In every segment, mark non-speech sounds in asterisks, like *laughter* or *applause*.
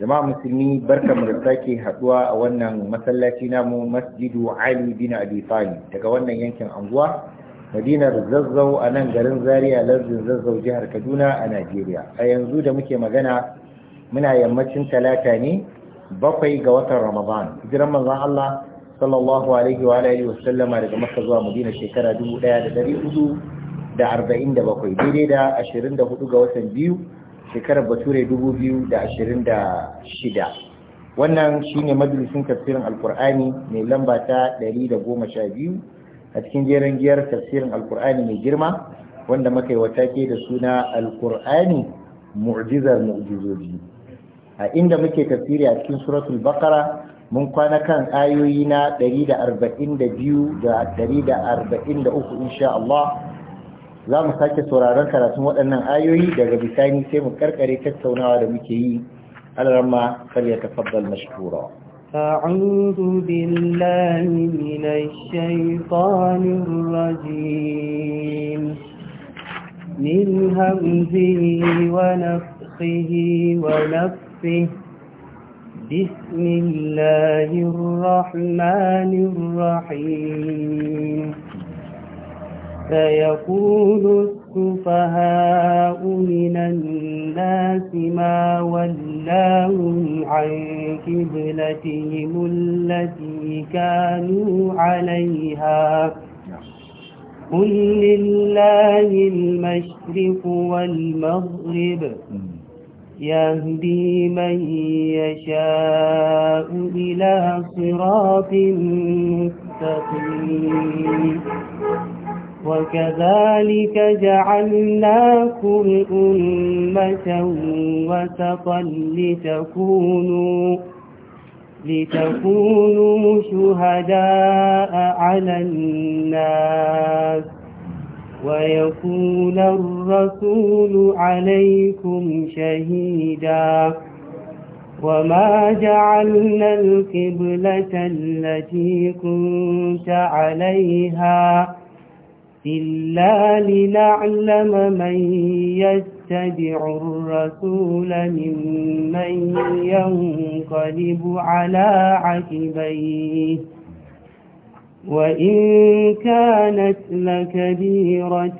jama'a musulmi barka mu da sake haduwa a wannan masallaci namu masjidu ali bin abi talib daga wannan yankin anguwa madinar zazzau a nan garin zaria lardin zazzau jihar kaduna a najeriya a yanzu da muke magana muna yammacin talata ne bakwai ga watan ramadan hijiran manzon allah sallallahu alaihi wa alihi wa sallama daga makka zuwa madina shekara 1447 daidai da 24 ga watan biyu shekarar bature 2026 wannan shine majalisin tafsirin alkur'ani mai lamba ta 112 a cikin jerin giyar tafsirin alkur'ani mai girma wanda muka yi wata ke da suna alkur'ani mu'jizar mu'jizoji a inda muke tafsiri a cikin suratul bakara mun kwana kan ayoyi na 142 da 143 insha Allah za mu sake sauraron karatun waɗannan ayoyi daga bisani sai mu karkare tattaunawa da muke yi alarma kar ya tafaddal mashkura أعوذ بالله من الشيطان الرجيم من همزه ونفخه ونفه بسم الله الرحمن الرحيم فيقول السفهاء من الناس ما ولاهم عن قبلتهم التي كانوا عليها قل لله المشرق والمغرب يهدي من يشاء إلى صراط مستقيم وكذلك جعلناكم أمة وسطا لتكونوا لتكونوا شهداء على الناس ويكون الرسول عليكم شهيدا وما جعلنا القبلة التي كنت عليها إلا لنعلم من يتبع الرسول ممن ينقلب على عقبيه وإن كانت لكبيرة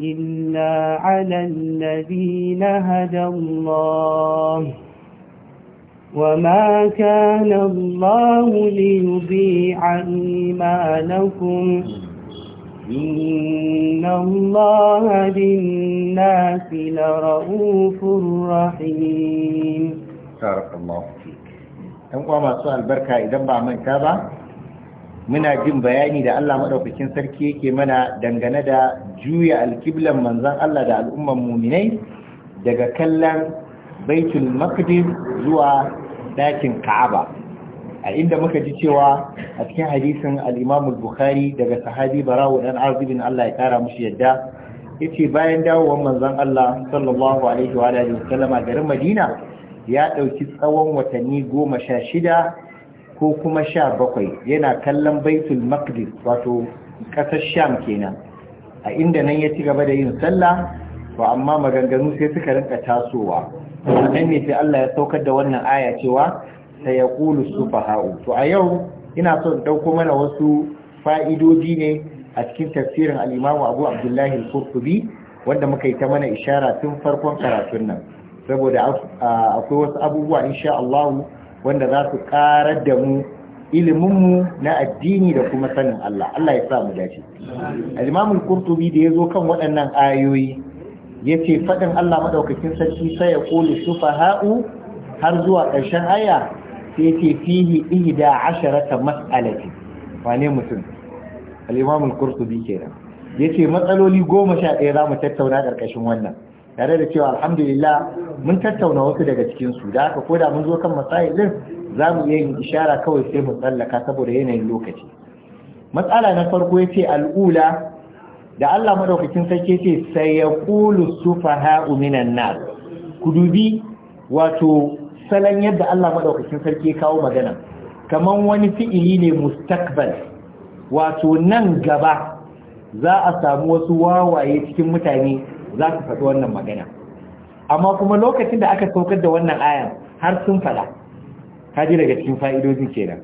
إلا على الذين هدى الله وما كان الله ليضيع إيمانكم إن الله بالناس لرؤوف رحيم بارك الله فيك uwa masu albarka idan ba manta ba muna jin bayani da Allah maɗaukakin sarki yake mana dangane da juya alkiblan manzon Allah da al'umman muminai daga kallon baitul maqdis zuwa ɗakin ka'aba a inda muka ji cewa a cikin hadisin Alimamul bukhari daga sahabi Barawu dan bin Allah ya kara mushi yadda ya ce bayan dawowar manzon Allah sallallahu alaihi wa alihi wasallama garin Madina ya ɗauki tsawon watanni goma sha shida ko kuma sha bakwai, yana kallon Baitul Maqdis wato kasar Sham kenan a inda nan ya ci gaba da yin sallah to amma maganganu sai suka rinka tasowa nan ne sai Allah ya saukar da wannan aya cewa ta ya ƙulu to a yau ina son ɗauko mana wasu fa'idoji ne a cikin tafsirin al'imamu abu abdullahi al-kurtubi wanda muka yi ta mana ishara tun farkon karatun nan saboda akwai wasu abubuwa insha Allah wanda za su karar da mu ilimin mu na addini da kuma sanin Allah Allah ya sa mu dace al-imamu al-kurtubi da yazo kan waɗannan ayoyi yace fadin Allah madaukakin sarki sai ya kulu sufaha'u har zuwa ƙarshen aya sai ce fihi ihda asharata mas'alati wane mutum al-imam al-qurtubi kenan yace matsaloli goma sha ɗaya za tattauna ƙarƙashin wannan tare da cewa alhamdulillah mun tattauna wasu daga cikin su da haka koda mun zo kan masail din za mu iya yin ishara kawai sai mu tsallaka saboda yanayin lokaci matsala na farko yace al'ula da Allah madaukakin sarki yace sayaqulu sufaha'u minan nas ku dubi wato salon yadda Allah maɗaukacin sarki ya kawo magana Kamar wani fi'ili ne mustakbal wato nan gaba za a samu wasu wawaye cikin mutane za su faɗi wannan magana amma kuma lokacin da aka saukar da wannan ayan har sun faɗa Ka ji daga cikin fa'idojin kenan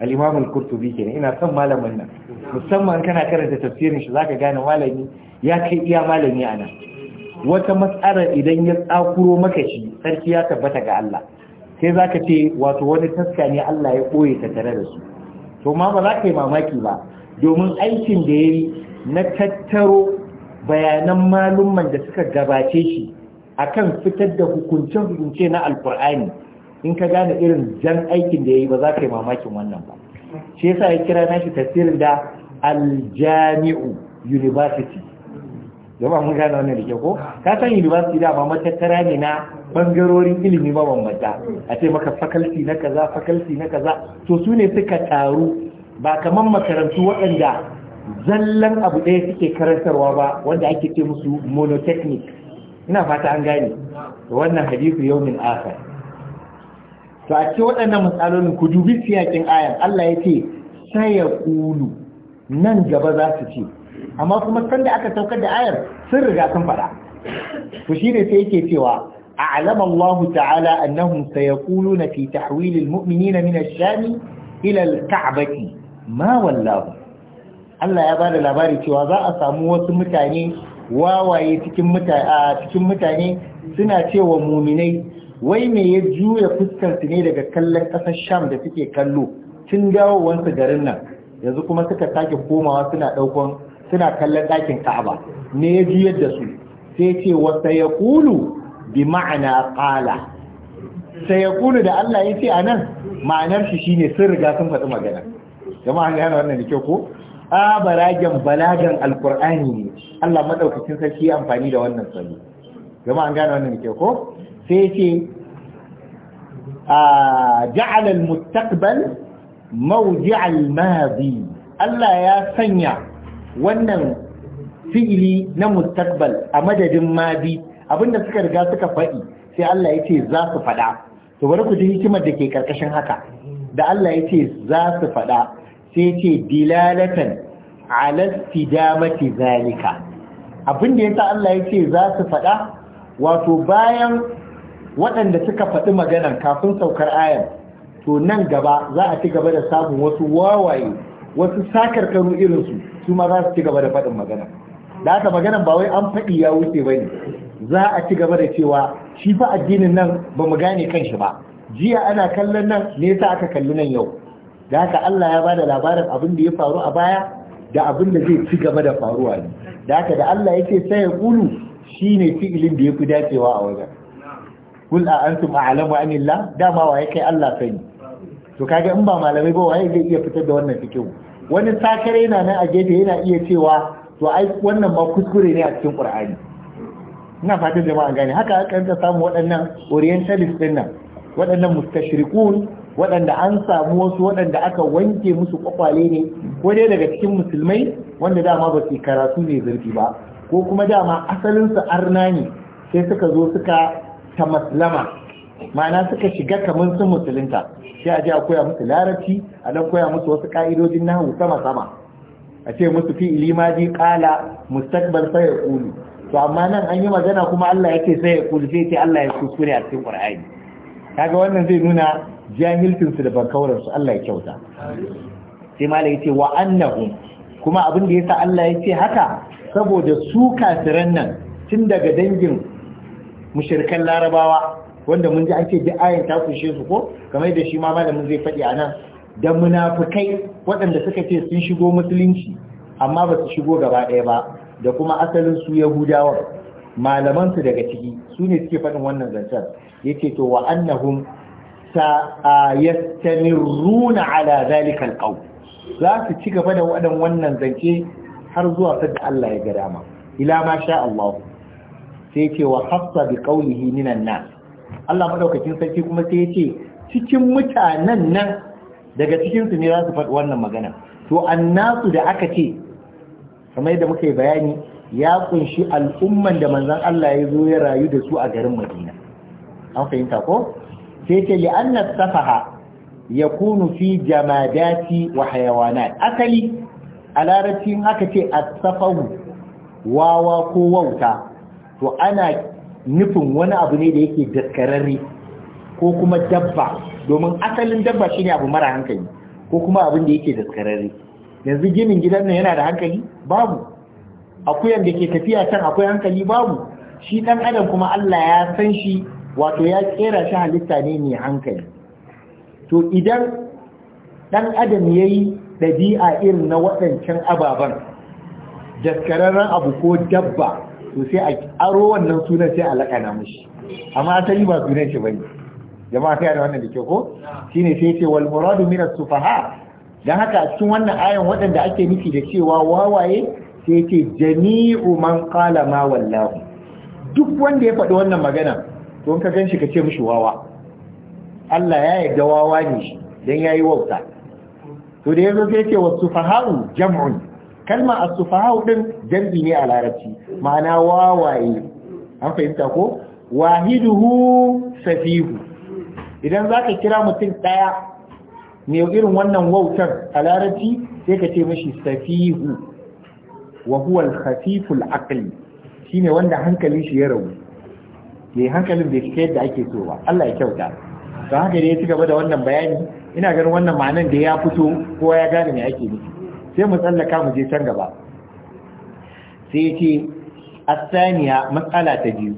al kurtubi al-qurtubi kenan ina son malamin nan musamman kana karanta tafsirin shi zaka gane malami ya kai iya malami a nan wata matsalar idan ya tsakuro maka shi sarki ya tabbata ga Allah sai zaka ce wato wani taska ne Allah ya koye ta tare da su to ma ba za ka yi mamaki ba domin aikin da ya yi na tattaro bayanan malumman da suka gabace shi akan fitar da hukuncin hukunce na alkur'ani in ka gane irin jan aikin da ya yi ba za ka yi mamakin wannan ba shi yasa ya kira nashi tafsirin da aljami'u university zama mun gane wannan da ke ko ka san university da ba matattara ne na bangarorin ilimi ba bambanta a ce maka faculty na kaza faculty na kaza to su ne suka taru ba kaman makarantu waɗanda zallan abu ɗaya suke karantarwa ba wanda ake ce musu monotechnic ina fata an gane wannan hadisi yaumin akhar to a ce waɗannan matsalolin ku dubi siyakin ayan Allah ya ce sai nan gaba za su ce amma kuma da aka saukar da ayar sun riga sun faɗa to shine sai yake cewa a'lama Allah ta'ala annahum sayaquluna fi tahwil almu'minina min ash shami, ila al-ka'bati ma wallahu Allah ya bada labari cewa za a samu wasu mutane wawaye cikin mutane cikin mutane suna cewa muminai wai me ya juya fuskar su ne daga kallon ƙasar Sham da suke kallo tun dawowansu garin nan yanzu kuma suka sake komawa suna ɗaukon suna kallon ɗakin ka'aba ne ya juyar da su sai ce wasa ya kulu bi ma'ana ƙala sai ya kulu da Allah ya ce a nan ma'anar shi shine sun riga sun faɗi magana jama'a gane wannan da ke ko a baragen balagan alkur'ani ne Allah maɗaukacin sarki ya amfani da wannan sani jama'a an gane wannan da ke ko sai ce a ja'alal al-mustaqbal mawdi'a al Allah ya sanya wannan fi'ili na mustaqbal a madadin madi abinda suka riga suka faɗi sai Allah ya ce za su faɗa to bari ku ji hikimar da ke karkashin haka da Allah ya ce za su faɗa sai ya ce dilalatan ala istidamati zalika abinda yasa Allah ya ce za su faɗa wato bayan waɗanda suka faɗi magana kafin saukar ayar to nan gaba za a ci gaba da samun wasu wawaye wasu sakar karu irinsu su ma za su ci gaba da faɗin magana da aka maganan ba wai an faɗi ya wuce ba ne za a ci gaba da cewa shi fa addinin nan ba mu gane kanshi ba jiya ana kallon nan ne yasa aka kalli nan yau da aka Allah ya bada labarin abin da ya faru a baya da abin da zai ci gaba da faruwa ne da aka da Allah yake sai ya kulu shine fi'ilin da ya fi dacewa a wajen kul a antum a'lamu anillah dama wa yake Allah sani to kage in ba malamai ba waye zai iya fitar da wannan fikihu wani sakare na nan a gefe yana iya cewa to ai wannan ma kuskure ne a cikin qur'ani ina fatan jama'a gane haka aka ta samu waɗannan orientalist din nan waɗannan mustashriqun waɗanda an samu wasu waɗanda aka wanke musu kwakwale ne ko dai daga cikin musulmai wanda dama ba su karatu ne zurfi ba ko kuma dama asalinsu arna ne sai suka zo suka ta maslama ma'ana suka shiga kamar sun musulunta sai a ji a koya musu larabci a nan koya musu wasu ka'idojin hu sama sama a ce musu fi ilimadi qala mustaqbal sai ya kulu to amma nan an yi magana kuma Allah yake sai ya kulu sai ce Allah ya kuskure a cikin Qur'ani kaga wannan zai nuna jahilcin su da bankawar su Allah ya kyauta sai malai yace wa annahum kuma abin da yasa Allah ya ce haka saboda su kafiran nan tun daga dangin mushirkan larabawa wanda mun ji ake ce duk ayan ta kushe su ko kamar da shi ma malamin zai faɗi a nan da munafukai waɗanda suka ce sun shigo musulunci amma ba su shigo gaba ɗaya ba da kuma asalin su yahudawa malaman su daga ciki su ne suke faɗin wannan zancen yake to wa annahum sa yastamirruna ala zalika alqaw za su ci gaba da wadan wannan zance har zuwa da Allah ya ga dama ila ma sha Allah sai ce wa hafsa bi qawlihi minan nas Allah madaukakin sarki kuma sai ya ce cikin mutanen nan daga cikinsu ne za su faɗi wannan magana to annasu da aka ce kamar yadda muka yi bayani ya kunshi al'umman da manzon Allah ya zo ya rayu da su a garin Madina an fahimta ko sai ce li'anna safaha yakunu fi jamadati wa hayawanat asali a larabci aka ce as-safahu wawa ko wauta to ana nufin wani abu ne da yake daskararre ko kuma dabba domin asalin dabba shi ne abu mara hankali ko kuma abin da yake daskararre yanzu ginin gidan nan yana da hankali babu akuyan da ke tafiya can akwai hankali babu shi dan adam kuma Allah ya san shi wato ya kera shi halitta ne mai hankali to idan dan adam yayi dabi'a irin na waɗancan ababan daskararren abu ko dabba to sai a aro wannan sunan sai a lakana mashi. amma asali ba sunan shi bane jama'a kai da wannan da ke ko shine sai ce wal muradu min as-sufaha dan haka a cikin wannan ayan waɗanda ake nufi da cewa wawaye sai ce jami'u man qala ma wallahu duk wanda ya faɗi wannan magana to in ka ganshi ka ce mishi wawa Allah ya yarda wawa ne shi dan yayi wauta to da yazo sai ce wasu jam'un kalma a sufahau din jam'i ne a larabci ma'ana wawaye an fahimta ko wahiduhu safihu idan zaka kira mutum ɗaya mai irin wannan wautar a larabci sai ka ce mashi safihu wa huwa al-khafiful aqli shine wanda hankalin shi ya rawu ne hankalin bai cika yadda ake so ba Allah ya kyauta don haka ne ya ci gaba da wannan bayani ina ganin wannan ma'anan da ya fito kowa ya gane me ake nufi sai mu tsallaka mu je can gaba sai yace asaniya matsala ta biyu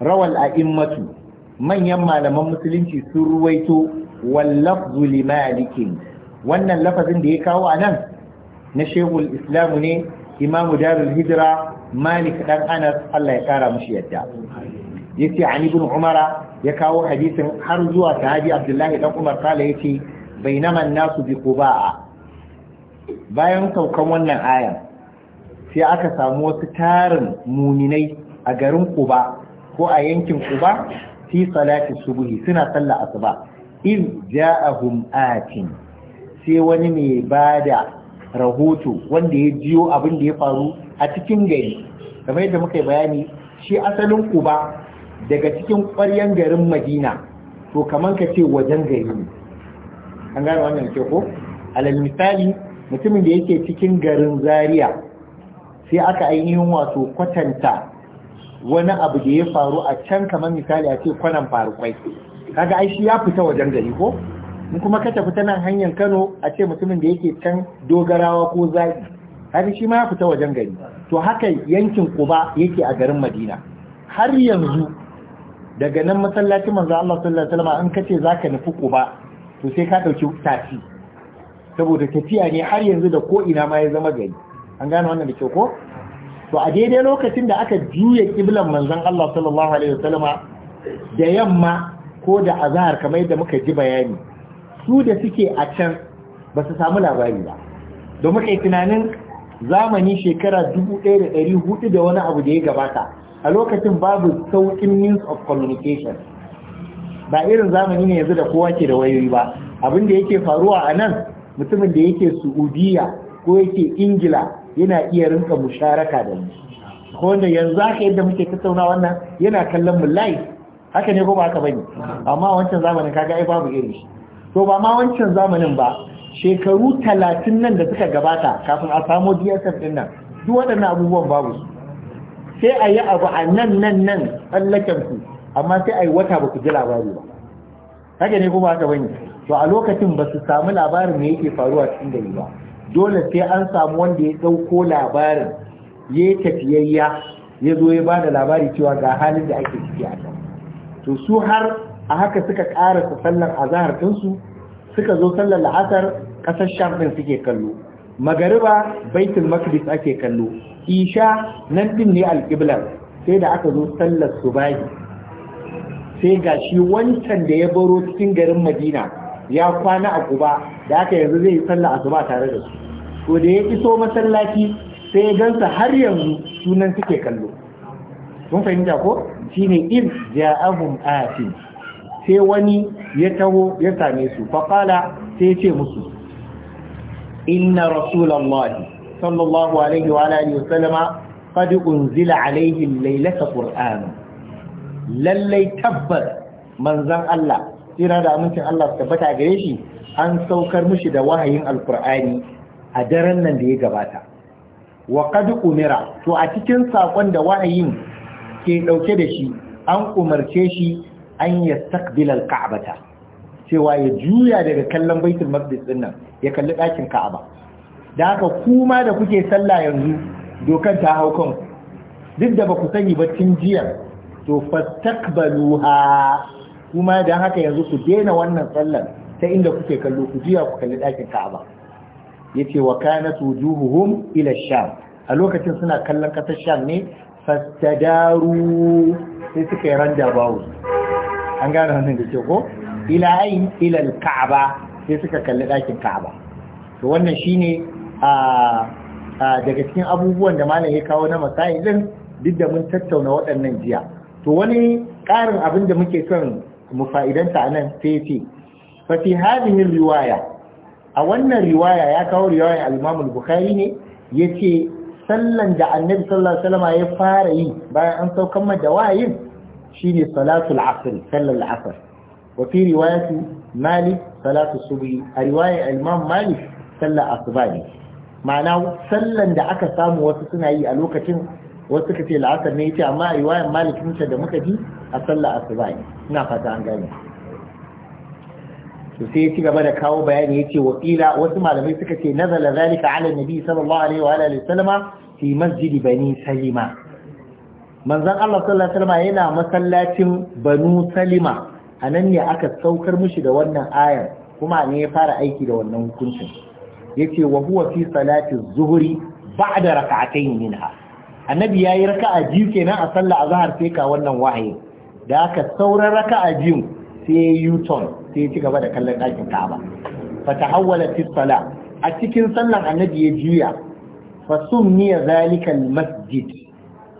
rawal a'immatu manyan malaman musulunci sun ruwaito wallafzu li malikin wannan lafazin da ya kawo a nan na shehul islamu ne imamu darul hijira malik dan anas Allah ya kara mushi yadda yace ani ibn umara ya kawo hadisin har zuwa sahabi abdullahi dan umar kala yace bainama nasu bi quba'a bayan saukan wannan ayan sai aka samu wasu tarin muminai a garin kuba ko a yankin kuba fi salati subuhi suna sallah asuba in ja'ahum atin sai wani mai bada rahoto wanda ya jiyo abin da ya faru a cikin gari kamar yadda muka yi bayani shi asalin kuba daga cikin ƙwaryen garin madina to kamar ka ce wajen gari ne an gane wannan ke ko alal misali mutumin da yake cikin garin zaria sai aka ainihin wato kwatanta wani abu da ya faru a can kamar misali a ce kwanan farukwai kaga ai shi ya fita wajen gari ko in kuma ka tafi ta nan hanyar kano a ce mutumin da yake can dogarawa ko zaki har shi ma ya fita wajen gari to haka yankin kuba yake a garin madina har yanzu daga nan masallacin manzo Allah sallallahu alaihi wasallam an kace zaka nufi kuba to sai ka dauki tafi saboda tafiya ne har yanzu da ko ina ma ya zama gari an gane wannan da kyau ko to a daidai lokacin da aka juya kiblan manzon Allah sallallahu alaihi wasallama da yamma ko da azhar kamar yadda muka ji bayani su da suke a can ba su samu labari ba don muka yi tunanin zamani shekara 1400 da wani abu da ya gabata a lokacin babu sauƙin means of communication ba irin zamani ne yanzu da kowa ke da wayoyi ba abin da yake faruwa a nan mutumin da yake su'udiya ko yake Ingila yana iya rinka musharaka da mu ko wanda yanzu haka yadda muke tattauna wannan yana kallon mu live haka ne ko ba haka bane amma wancan zamanin kaga ai babu irin shi to ba ma wancan zamanin ba shekaru talatin nan da suka gabata kafin a samu DSF din nan duk waɗannan abubuwan babu sai a yi abu a nan nan nan tsallaken ku amma sai a yi wata ba ku ji labari ba haka ne kuma haka bane to a lokacin ba su samu labarin me yake faruwa cikin gari ba dole sai an samu wanda ya dauko labarin ya yi tafiyayya ya zo ya bada da labari cewa ga halin da ake ciki a can to su har a haka suka su sallar azahar ɗinsu suka zo sallar la'asar ƙasar sham ɗin suke kallo magariba baitul maqdis ake kallo isha nan din ne alƙiblar sai da aka zo sallar subahi sai ga shi wancan da ya baro cikin garin madina ya kwana a guba da aka yanzu zai yi sallah asuba tare da su to da ya iso masallaci sai ya gansa har yanzu sunan suke kallo kun fahimta ko shine in ja'ahum atin sai wani ya taho ya same su fafala sai ce musu inna rasulullahi sallallahu alaihi wa alihi wa sallama qad unzila alaihi lailata qur'an lallai tabbas manzan Allah tsira da amincin Allah su tabbata a gare shi an saukar mushi da wahayin alkur'ani a daren nan da ya gabata wa qad umira to a cikin sakon da wahayin ke dauke da shi an umarce shi an yastaqbil alka'bata cewa ya juya daga kallon baitul maqdis din nan ya kalli dakin ka'aba da haka kuma da kuke sallah yanzu dokar ta hau kan duk da ba ku sani ba tun jiya to takbaluha kuma dan haka yanzu ku daina wannan sallar ta inda kuke kallo ku jiya ku kalli ɗakin Ka'aba yace wa kanat wujuhuhum ila sham a lokacin suna kallon kasar sham ne fastadaru sai suka yi randa bawo an gane wannan da ke ko ila ayin ila Ka'aba sai suka kalli ɗakin Ka'aba to wannan shine a daga cikin abubuwan da malam ya kawo na masailin duk da mun tattauna waɗannan jiya to wani ƙarin abin da muke son mu fa'idanta nan, sai ce fa fi hadhihi riwaya a wannan riwaya ya kawo riwaya al-Imam al-Bukhari ne yace sallan da Annabi sallallahu alaihi wasallam ya fara yi bayan an saukar da wayin shine salatul asr sallar al-asr wa fi riwayati Malik salatu subhi a riwaya al-Imam Malik sallar asuba ma'ana sallan da aka samu wasu suna yi a lokacin wasu suka ce la'asar ne ya ce, amma riwayar malik musa da muka ji a sallah asuba ne ina fata an gane Su sai ya ci gaba da kawo bayani ya ce, qila wasu malamai suka ce nazala zalika ala nabi sallallahu alaihi wa alihi wasallama fi masjid bani salima manzon Allah sallallahu alaihi wasallama yana masallacin banu salima anan ne aka saukar mushi da wannan ayar kuma ne ya fara aiki da wannan hukuncin yace wa huwa fi salati zuhri ba'da rak'atayn minha annabi yi raka'a biyu kenan a sallah a zahar sai ka wannan wahayi da aka sauran raka'a biyu sai yi yuton sai ci gaba da kallon ɗakin Ka'aba fatahawwala fi sala a cikin sallan annabi ya juya fa ya zalika masjid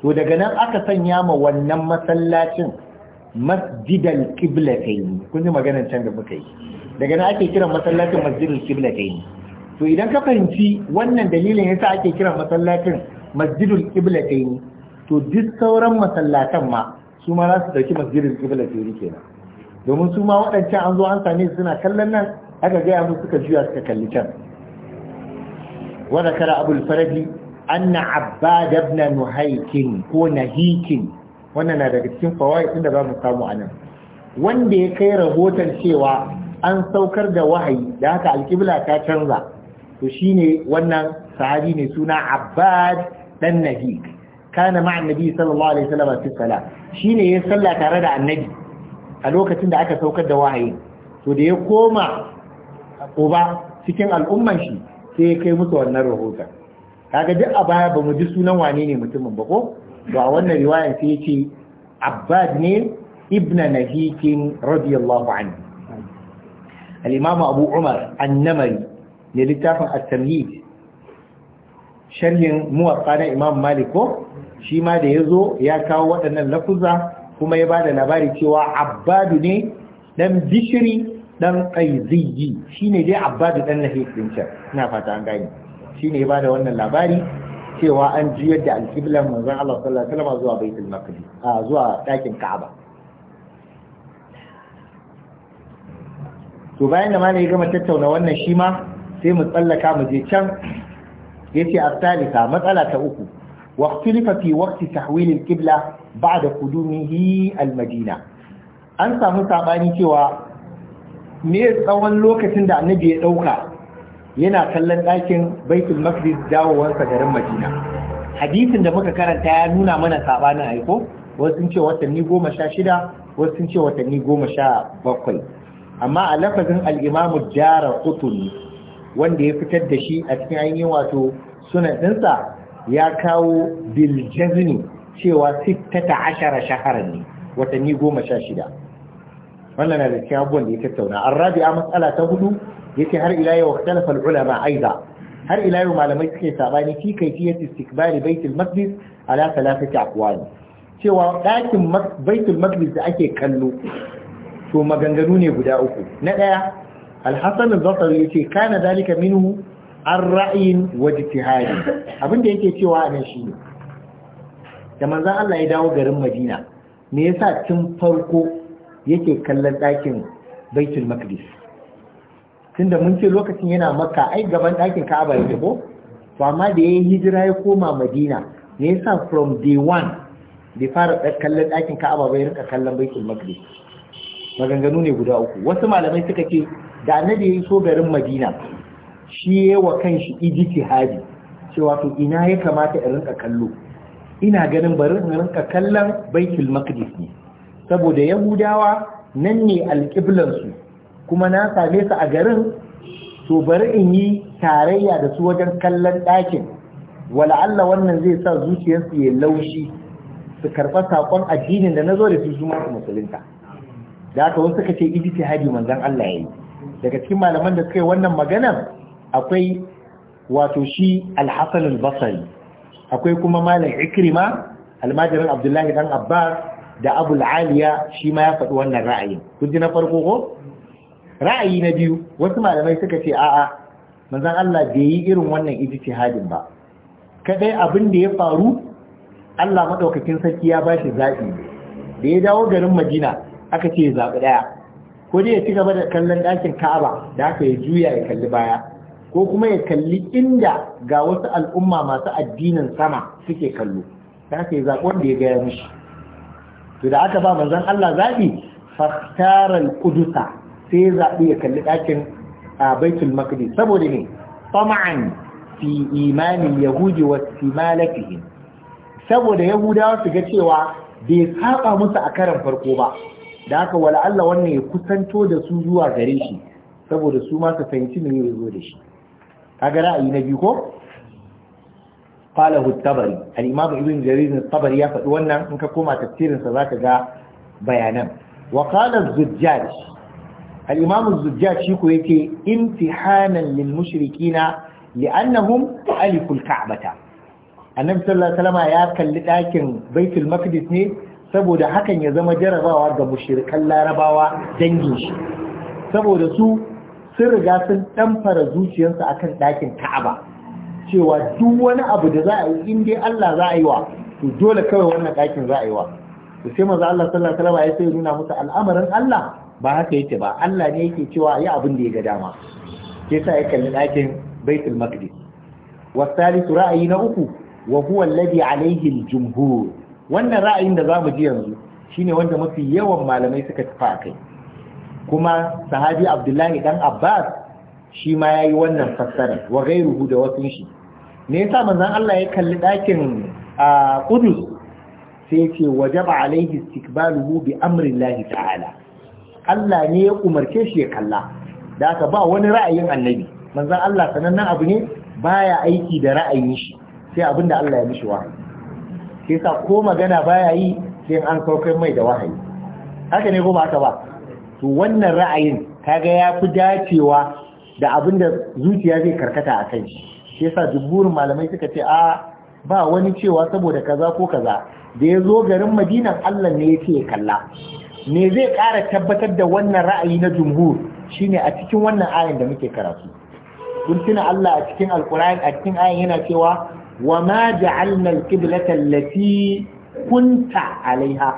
to daga nan aka sanya ma wannan masallacin masjidal qiblatayn kun ji maganar can da muka yi daga nan ake kiran masallacin masjidal qiblatayn to idan ka fahimci wannan dalilin yasa ake kiran masallacin masjidul yi to duk sauran masallatan ma su ma za su dauki masjidul yi kenan domin su ma waɗancan an zo an same su suna kallon nan aka gaya musu suka juya suka kalli can wa zakara abul faraji anna abbad ibn nuhaykin ko nahikin wannan na daga cikin tun da mu samu a nan, wanda ya kai rahoton cewa an saukar da wahayi da haka alƙibla ta canza to shine wannan sahabi ne suna abbad dan nabi kana ma'an nabi sallallahu alaihi wasallam fi sala shine ya sallah tare da annabi a lokacin da aka saukar da wahayi to da ya koma uba cikin al'umman shi sai ya kai musu wannan rahoton kaga duk a baya ba mu ji sunan wane ne mutumin ba ko to a wannan riwayar sai ya ce abbad ne ibn nahikin radiyallahu anhu al-imam abu umar an-namari ne littafin at-tamhid sharhin muwaƙa na imam malik ko shi ma da ya zo ya kawo waɗannan lafuza kuma ya ba da labari cewa abbadu ne ɗan bishiri ɗan ƙaiziyi shi ne dai abbadu ɗan nahis ɗin can ina fata an gani shi ne ya ba da wannan labari cewa an juyar da alƙiblan manzon Allah sallallahu alaihi wasallam zuwa baitul maqdis a zuwa ɗakin ka'aba to bayan da malai ya gama tattauna wannan shi ma sai mu tsallaka mu je can yace as-salisa matsala ta uku واختلف في وقت تحويل القبلة بعد قدومه المدينة an samu sabani cewa me tsawon lokacin da annabi ya dauka yana kallon ɗakin baitul maqdis dawowarsa garin madina hadisin da muka karanta ya nuna mana sabanin aiko wasu sun ce watanni goma sha shida wasu sun ce watanni goma sha bakwai amma a lafazin al-imamu jara qutni wanda ya fitar da shi a cikin ainihin wato suna ɗinsa ya kawo biljazini cewa sittata ashara shaharar ne watanni goma sha shida wannan na da cikin abubuwan da ya tattauna an a matsala ta hudu ce har ila yau ikhtalafa ma aiza har ila yau malamai suke sabani fi kaifiyat istikbari baitul maqdis ala thalathati aqwal cewa dakin baitul Maslis da ake kallo to maganganu ne guda uku na ɗaya. al-hasan ya ce yace kana dalika minhu an ra'ayin wa jitihadi abinda yake cewa a nan ne. da manzon Allah ya dawo garin Madina me yasa tun farko yake kallon ɗakin Baitul Maqdis tunda mun ce lokacin yana Makka ai gaban ɗakin Ka'aba yake ko to amma da yayi hijira ya koma Madina me yasa from day one bai fara kallon ɗakin Ka'aba bai rinka kallon Baitul Maqdis maganganu ne guda uku wasu malamai suka ce da da ya so garin madina shi ya wa kanshi hadi cewa to ina ya kamata in rinka kallo ina ganin bari in rinka kallon baitul maqdis ne saboda yahudawa nan ne alƙiblan kuma na same su a garin to bari in yi tarayya da su wajen kallon ɗakin wala'alla wannan zai sa zuciyarsu ya laushi su karɓa saƙon addinin da na zo da su su musulunta da aka wasu suka ce haji manzan Allah ya yi. daga cikin malaman da suka yi wannan maganar akwai wato shi alhassan albasari akwai kuma malam Ikirima, almajirin Abdullahi dan Abbas da Abu shi ma ya faɗi wannan ra'ayin kun ji na farko ko ra'ayi na biyu wasu malamai suka ce a'a manzan Allah bai yi irin wannan hajin ba Kaɗai abin da ya faru Allah madaukakin sarki ya ba bashi zaɓi. da ya dawo garin Madina aka ce ya zaɓi ɗaya ko dai ya ci gaba da kallon ɗakin ka'aba da aka ya juya ya kalli baya ko kuma ya kalli inda ga wasu al'umma masu addinin sama suke kallo da haka ya zaɓi wanda ya gaya mishi to da aka ba manzon Allah zaɓi faktaral kudusa sai ya zaɓi ya kalli ɗakin a baitul maqdis saboda ne tama'an fi imanin yahudi wa simalatihim saboda yahudawa su ga cewa bai saba musu a karan farko ba da haka wala Allah wannan ya kusanto da su zuwa gare shi saboda su ma su fahimci me ya zo da shi kaga ra'ayi na biyu ko qala tabari al-imam ibn jarir tabari ya faɗi wannan in ka koma tafsirin sa zaka ga bayanan wa qala az-zujjaj al-imam az-zujjaj shi ko yake imtihanan lil mushrikina li'annahum alifu al-ka'bata annabi sallallahu alaihi wasallam ya kalli dakin baitul maqdis ne saboda hakan ya zama jarabawa ga mushirikan larabawa dangin shi saboda su sun riga sun ɗamfara zuciyarsu akan ɗakin ka'aba cewa duk wani abu da za a yi in dai Allah za a yi wa to dole kawai wannan ɗakin za a yi wa to sai maza Allah sallallahu alaihi wasallam ya sai nuna musu al'amarin Allah ba haka yake ba Allah ne yake cewa yi abin da ya ga dama sai sa ya kalli ɗakin Baitul Maqdis wa ra'ayi na uku wa huwa alladhi alaihi al-jumhur wannan ra'ayin da za mu ji yanzu shine wanda mafi yawan malamai suka tafi a kai kuma sahabi abdullahi dan abbas shi ma yayi wannan fassara wa gairuhu da wasu shi me yasa manzon Allah ya kalli dakin a Qudus sai ce wajaba alaihi istiqbaluhu bi amri Allah ta'ala Allah ne ya umarce shi ya kalla da haka ba wani ra'ayin annabi manzon Allah sanannen abu ne baya aiki da ra'ayin shi sai abinda Allah ya mishi wahayi shi yasa ko magana baya yi sai an saukar mai da wahayi haka ne ko ba haka ba to wannan ra'ayin kaga ya fi dacewa da abin da zuciya zai karkata a kai shi yasa duburin malamai suka ce a ba wani cewa saboda kaza ko kaza da ya zo garin madinan allah ne ya ce ya kalla me zai ƙara tabbatar da wannan ra'ayi na jumhur shine a cikin wannan ayin da muke karatu kun tuna allah a cikin alkur'ani a cikin ayin yana cewa wa ma ja'alna al-qiblata allati kunta alaiha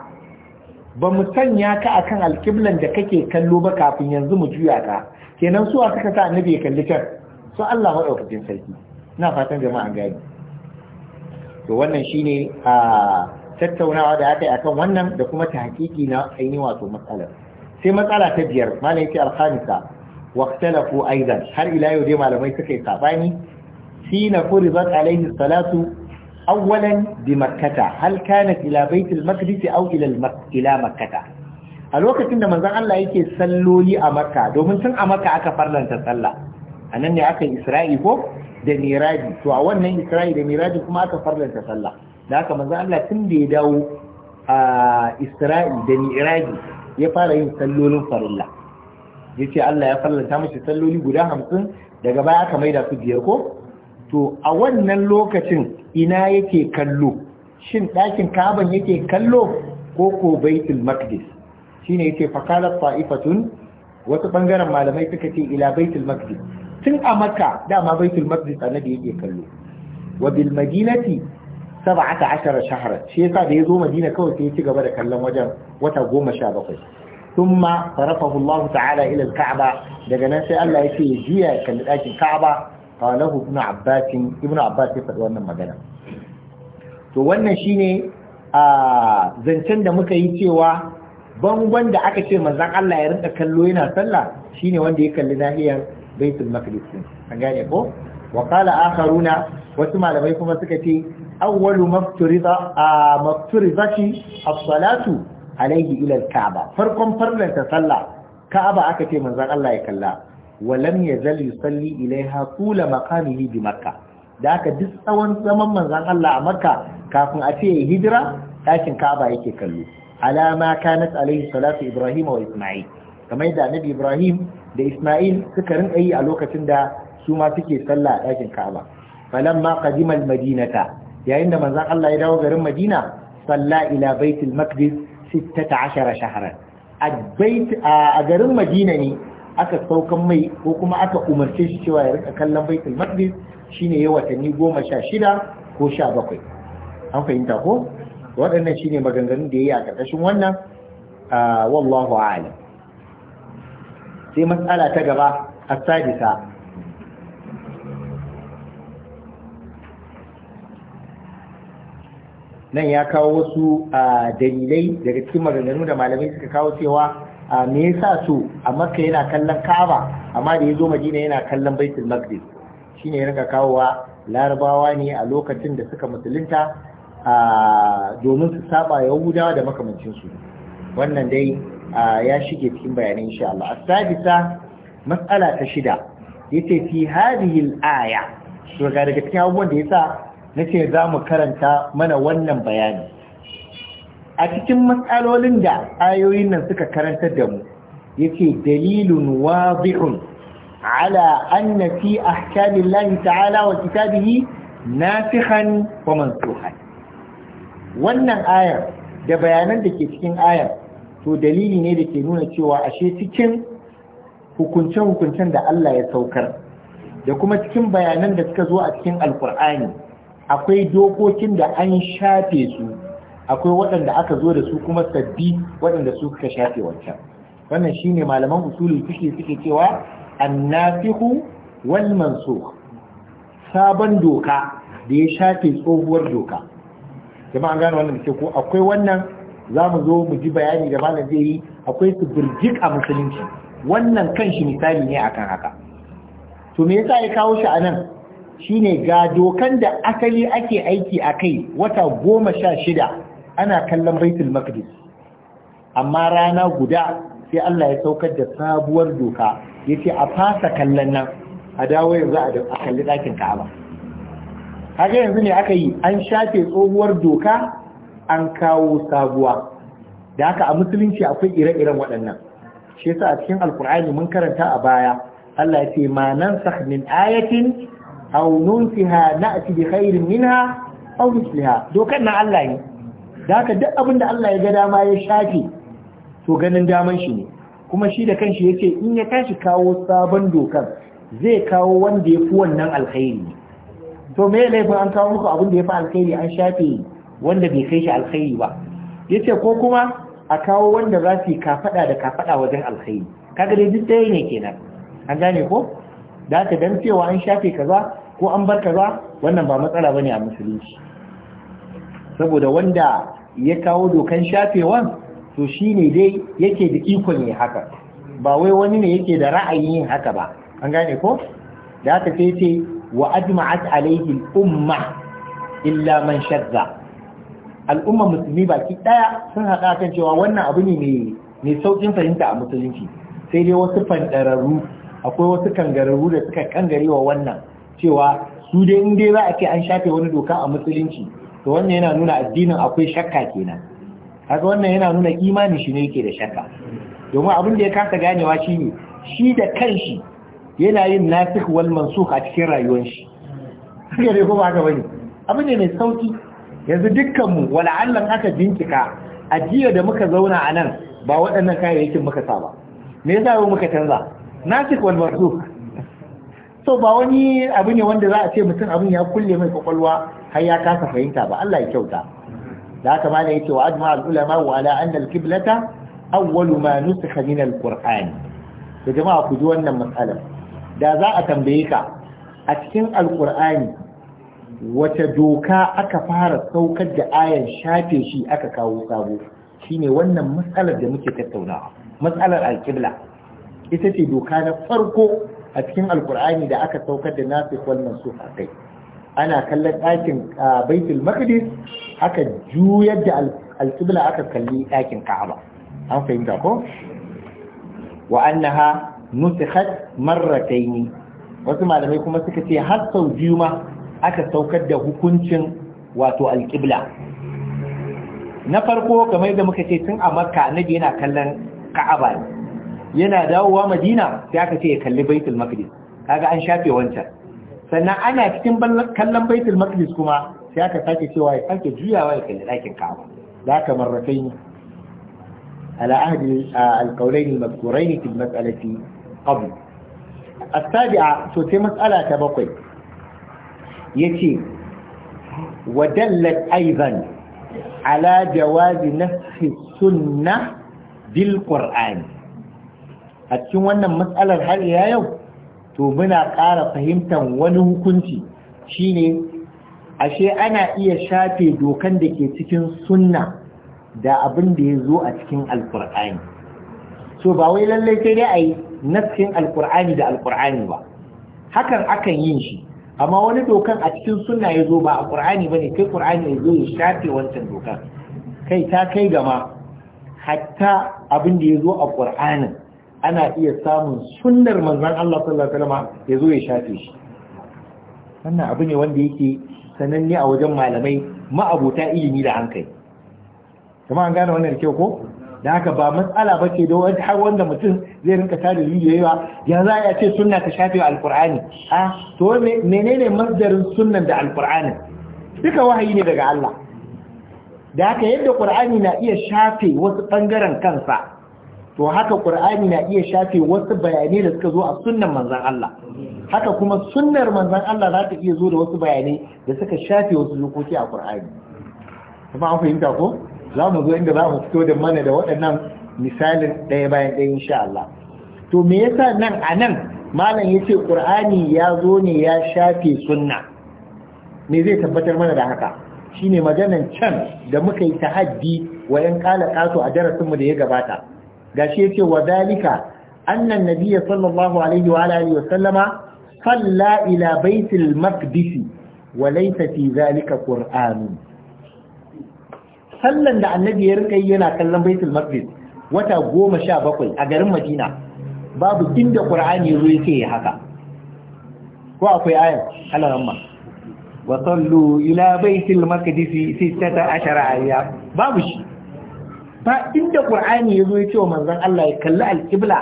ba mu sanya ka akan alkiblan da kake kallo ba kafin yanzu mu juya ka kenan suwa suka sa annabi ya kalli can so Allah maɗaukakin sarki na fatan jama'a gani to wannan shine a tattaunawa da aka yi akan wannan da kuma ta hakiki na ainihin wato matsalar sai matsala ta biyar malam yace alhamisa waqtalafu aidan har ila yau dai malamai suka yi sabani hina furizat alaihi salatu awwalan bi makkata hal kanat ila baitil maqdis aw ila ila makkata a lokacin da manzan Allah yake salloli a makka domin tun a makka aka farlanta sallah anan ne aka isra'i da miraji to a wannan isra'i da miraji kuma aka farlanta sallah da haka manzon Allah tun da ya dawo a da miraji ya fara yin sallolin Ya ce Allah ya farlanta mashi salloli guda hamsin daga baya aka maida su biyar ko to a wannan lokacin ina yake kallo shin ɗakin kaban yake kallo ko ko baitul maqdis shine yake fakalat fa'ifatun wasu bangaren malamai suka ce ila baitul maqdis tun a makka dama baitul maqdis annabi yake kallo wa bil madinati 17 shahra shi yasa da yazo madina kawai sai ya ci gaba da kallon wajen wata 17 thumma farafahu Allah ta'ala ila al-ka'ba daga nan sai Allah yake jiya kalli dakin ka'aba qalahu ibn abbas ibn abbas ya faɗi wannan magana to wannan shine a zancen da muka yi cewa bangon da aka ce manzon Allah ya rinka kallo yana sallah shine wanda ya kalli nahiyar baitul maqdis an gane ko wa qala akharuna wasu malamai kuma suka ce awwalu mafturida mafturidati as-salatu alayhi ila al-ka'ba farkon farlanta sallah ka'aba aka ce manzon Allah ya kalla Walam ya zalli salli ilaiha tula maqamihi hidimaka. da haka duk tsawon zaman Manzan Allah a makka kafin a ce hijira ɗakin Ka'aba yake kallo alama kanat alaihi salatu Ibrahim wa Isma'il kamar yadda Annabi Ibrahim da Isma'il suka rinkayi a lokacin da su ma suke sallah a ɗakin Ka'aba falamma qadima al-madinata yayin da Manzan Allah ya dawo garin Madina salla ila baitul sittata 16 shahran a garin Madina ne aka saukan mai ko kuma aka umarce shi cewa ya rika kallon baitul maqdis shine ya watanni goma sha shida ko sha bakwai an fahimta ko waɗannan shine maganganun da ya yi a ƙarƙashin wannan wallahu a'lam sai matsala ta gaba a sadisa nan ya kawo wasu dalilai daga cikin maganganu da malamai suka kawo cewa a me yasa so a makka yana kallon kaba amma da ya zo madina yana kallon baitul maqdis shine ya rinka kawowa larabawa ne a lokacin da suka musulunta a domin su saba yahudawa da makamancin su wannan dai ya shige cikin bayanai insha Allah asabisa mas'ala ta shida yace fi hadhihi al-aya to ga daga cikin abubuwan da yasa nace za mu karanta mana wannan bayani a cikin matsalolin da ayoyin nan suka karantar da mu yace dalilun wadihun ala anna fi ahkamillahi ta'ala wa kitabihi nasikhan wa mansukhan wannan ayar da bayanan da ke cikin ayar to dalili ne da ke nuna cewa ashe cikin hukunce-hukuncen da Allah ya saukar da kuma cikin bayanan da suka zo a cikin alkur'ani akwai dokokin da an shafe su akwai waɗanda aka zo da su kuma sabbi waɗanda su suka shafe wancan wannan shine malaman usulul fiqh suke cewa annafihu wal mansukh sabon doka da ya shafe tsohuwar doka jama'an gano wannan da ko akwai wannan za mu zo mu ji bayani da malam zai yi akwai su birjik a musulunci wannan kan shi misali ne akan haka to me yasa ya kawo shi a nan shine ga dokan da asali ake aiki a kai wata goma sha shida ana kallon baitul maqdis amma rana guda sai Allah ya saukar da sabuwar doka yace a fasa kallon nan a dawo yanzu a kalli dakin Ka'aba Haka yanzu ne aka yi an shafe tsohuwar doka an kawo sabuwa da haka a musulunci akwai ire-iren waɗannan shi yasa a cikin alkur'ani mun karanta a baya Allah ya ce ma nan min ayatin aw nunsiha na'ti bi khairin minha aw misliha dokan na Allah ne da haka duk abin da Allah ya ga dama ya shafe to ganin daman shi ne kuma shi da kanshi ce in ya tashi kawo sabon dokar zai kawo wanda ya fi wannan alkhairi to me laifin an kawo muku abin da ya fi alkhairi an shafe wanda bai kai shi alkhairi ba yace ko kuma a kawo wanda za su yi kafaɗa da kafaɗa wajen alkhairi kaga dai duk ɗaya ne kenan an gane ko da dan cewa an shafe kaza ko an bar kaza wannan ba matsala bane a musulunci saboda wanda ya kawo dokan shafewan to ne dai yake da ikon ne haka ba wai wani ne yake da ra'ayin yin haka ba an gane ko da aka sai ce wa ajma'at alaihi umma illa man shazza al'umma musulmi baki daya sun haɗa kan cewa wannan abu ne mai saukin fahimta a musulunci sai dai wasu fandararru akwai wasu kangararru da suka kangarewa wannan cewa su dai in dai za a ce an shafe wani doka a musulunci to wannan yana nuna addinin akwai shakka kenan haka wannan yana nuna imani shi ne yake da shakka domin abin da ya kasa ganewa shi ne shi da kanshi yana yin nasikh wal mansukh a cikin rayuwar shi kage dai kuma haka bane abin ne mai sauki yanzu dukkan mu wala'allan aka bincika ajiya da muka zauna anan ba waɗannan kayayyakin muka sa me yasa yau muka canza nasikh wal mansukh so ba wani abu ne wanda za a ce mutum abin ya kulle mai kwakwalwa har ya kasa fahimta ba Allah ya kyauta da haka ya yace wa ajma al ulama wa ala anna al qiblata awwalu ma nusikha min al qur'an to jama'a ku ji wannan matsalar da za a tambaye ka a cikin al qur'ani wace doka aka fara saukar da ayan shafe shi aka kawo sabo shine wannan matsalar da muke tattaunawa matsalar al qibla ita ce doka na farko a cikin alkur'ani da aka saukar da nasu wal mansukh kai, ana kallon ɗakin baitul maqdis aka juyar da alqibla aka kalli ɗakin ka'aba an fahimta ko wa annaha nusikhat marrataini wasu malamai kuma suka ce har sau biyu ma aka saukar da hukuncin wato alqibla na farko kamar da muka ce tun a makka annabi yana kallon ka'aba ne yana dawowa madina sai aka ce ya kalli baitul maqdis kaga an shafe wancan sannan ana cikin kallon baitul maqdis kuma sai aka sake cewa ya sake juyawa ya kalli ɗakin ka'aba da aka marrafai ne ala ahdi alqawlain almadhkurain fi almas'alati qabl as-sabi'a to sai mas'ala ta bakwai yace wa dallat aidan ala jawazi nafsi sunnah bil qur'ani a cikin wannan matsalar har ya yau to muna ƙara fahimtar wani hukunci shine ashe ana iya shafe dokan da ke cikin sunna da abin da ya zo a cikin alkur'ani so ba wai lallai sai dai a yi naskin alkur'ani da alkur'ani ba hakan akan yin shi amma wani dokan a cikin sunna ya zo ba a ƙur'ani ba ne kai ƙur'ani ya zo ya shafe wancan dokan kai ta kai gama hatta abin da ya zo a ƙur'anin ana iya samun sunnar manzon Allah sallallahu alaihi wasallam ya zo ya shafe shi wannan abu ne wanda yake sananne a wajen malamai ma'abuta ilimi da hankali kuma an gane wannan kyau ko da haka ba matsala ba ce da wani har wanda mutum zai rinka tada rijiyoyiwa ya za a ce sunna ta shafe wa alkur'ani a to menene masdarin sunnan da alkur'ani duka wahayi ne daga Allah da haka yadda qur'ani na iya shafe wasu bangaren kansa to haka qur'ani na iya shafe wasu bayanai da suka zo a sunnan manzon Allah haka kuma sunnar manzon Allah za ta iya zo da wasu bayanai da suka shafe wasu dokoki a qur'ani kuma an fahimta ko za mu zo inda za mu fito da mana da waɗannan misalin ɗaya bayan ɗaya insha Allah to me yasa nan a nan malam yace qur'ani ya zo ne ya shafe sunna me zai tabbatar mana da haka shine maganan can da muka yi tahaddi wa yan kala kaso a darasinmu da ya gabata gashi ce, wa dalika anna nabiyya sallallahu alaihi wa alihi wa sallama salla ila baitil maqdis wa laysa fi zalika qur'an sallan da annabi ya rika yana kallon baitul maqdis wata goma sha bakwai a garin madina babu inda qur'ani ruwa yake haka ko akwai ayar alaramma wa sallu ila baitil maqdis 16 ayya babu shi ba inda qur'ani yazo ya ce wa manzon Allah ya kalli alqibla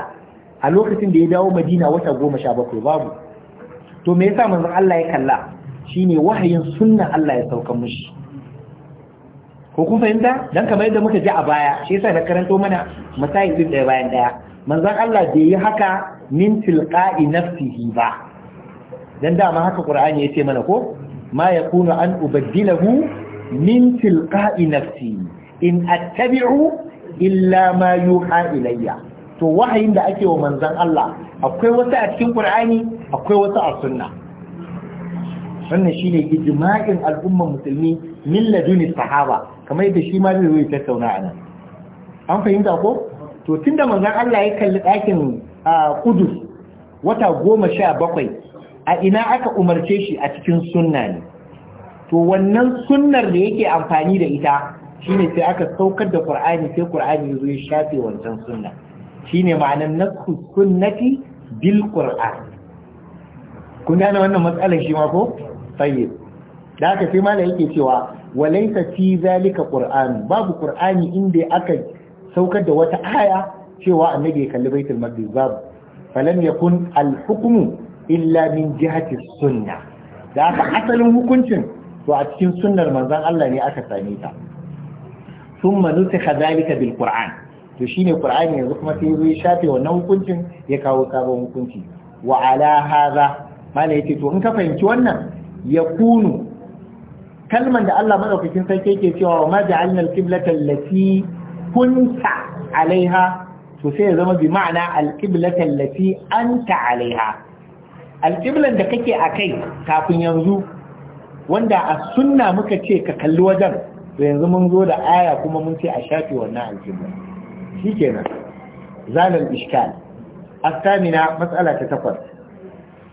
a lokacin da ya dawo Madina wata bakwai babu to me yasa manzon Allah ya kalla shine wahayin sunna Allah ya sauka mushi ko kun fahimta dan kamar yadda muka ji a baya shi yasa na karanto mana masayin din daya bayan daya manzon Allah bai yi haka min tilqa'i nafsihi ba dan dama haka qur'ani ce mana ko ma yakunu an ubaddilahu min tilqa'i nafsihi in attabi'u illa ma yuha ilayya to wahayin da ake wa manzon Allah akwai wasu a cikin Qur'ani akwai wasu a sunna wannan shine ijma'in al'ummar musulmi min sahaba kamar yadda shi ma zai tattauna a nan an fahimta ko to tunda manzon Allah ya kalli ɗakin Qudus wata goma sha bakwai a ina aka umarce shi a cikin sunna ne to wannan sunnar da yake amfani da ita ne sai aka saukar da ƙur'ani sai ya zo ya shafe wancan sunna ne ma'anar na sunnati bil qur'an kun gane wannan matsalar shi ma ko tayyib da aka ma mala yake cewa walaysa fi zalika ƙur'ani, babu ƙur'ani, inda aka saukar da wata aya cewa annabi ya kalli baitul maqdis babu falam yakun al hukmu illa min jihati sunna da aka asalin hukuncin to a cikin sunnar manzon Allah ne aka same ta Sun nusikha dhalika bil qur'an to shine qur'ani yanzu kuma sai zai shafe wannan hukuncin ya kawo sabon hukunci wa ala hadha mala yace to in ka fahimci wannan yakunu kalman da Allah madaukakin sarki ke cewa ma ja'alna al-qiblata allati kunta alaiha to sai ya zama bi ma'ana alƙiblata lati anta alaiha alƙiblan da kake a kai kafin yanzu wanda a sunna muka ce ka kalli wajen to yanzu mun zo da aya kuma mun ce a shafi wannan aljibla shikenan zalal iskal takwas, مسألة تتفر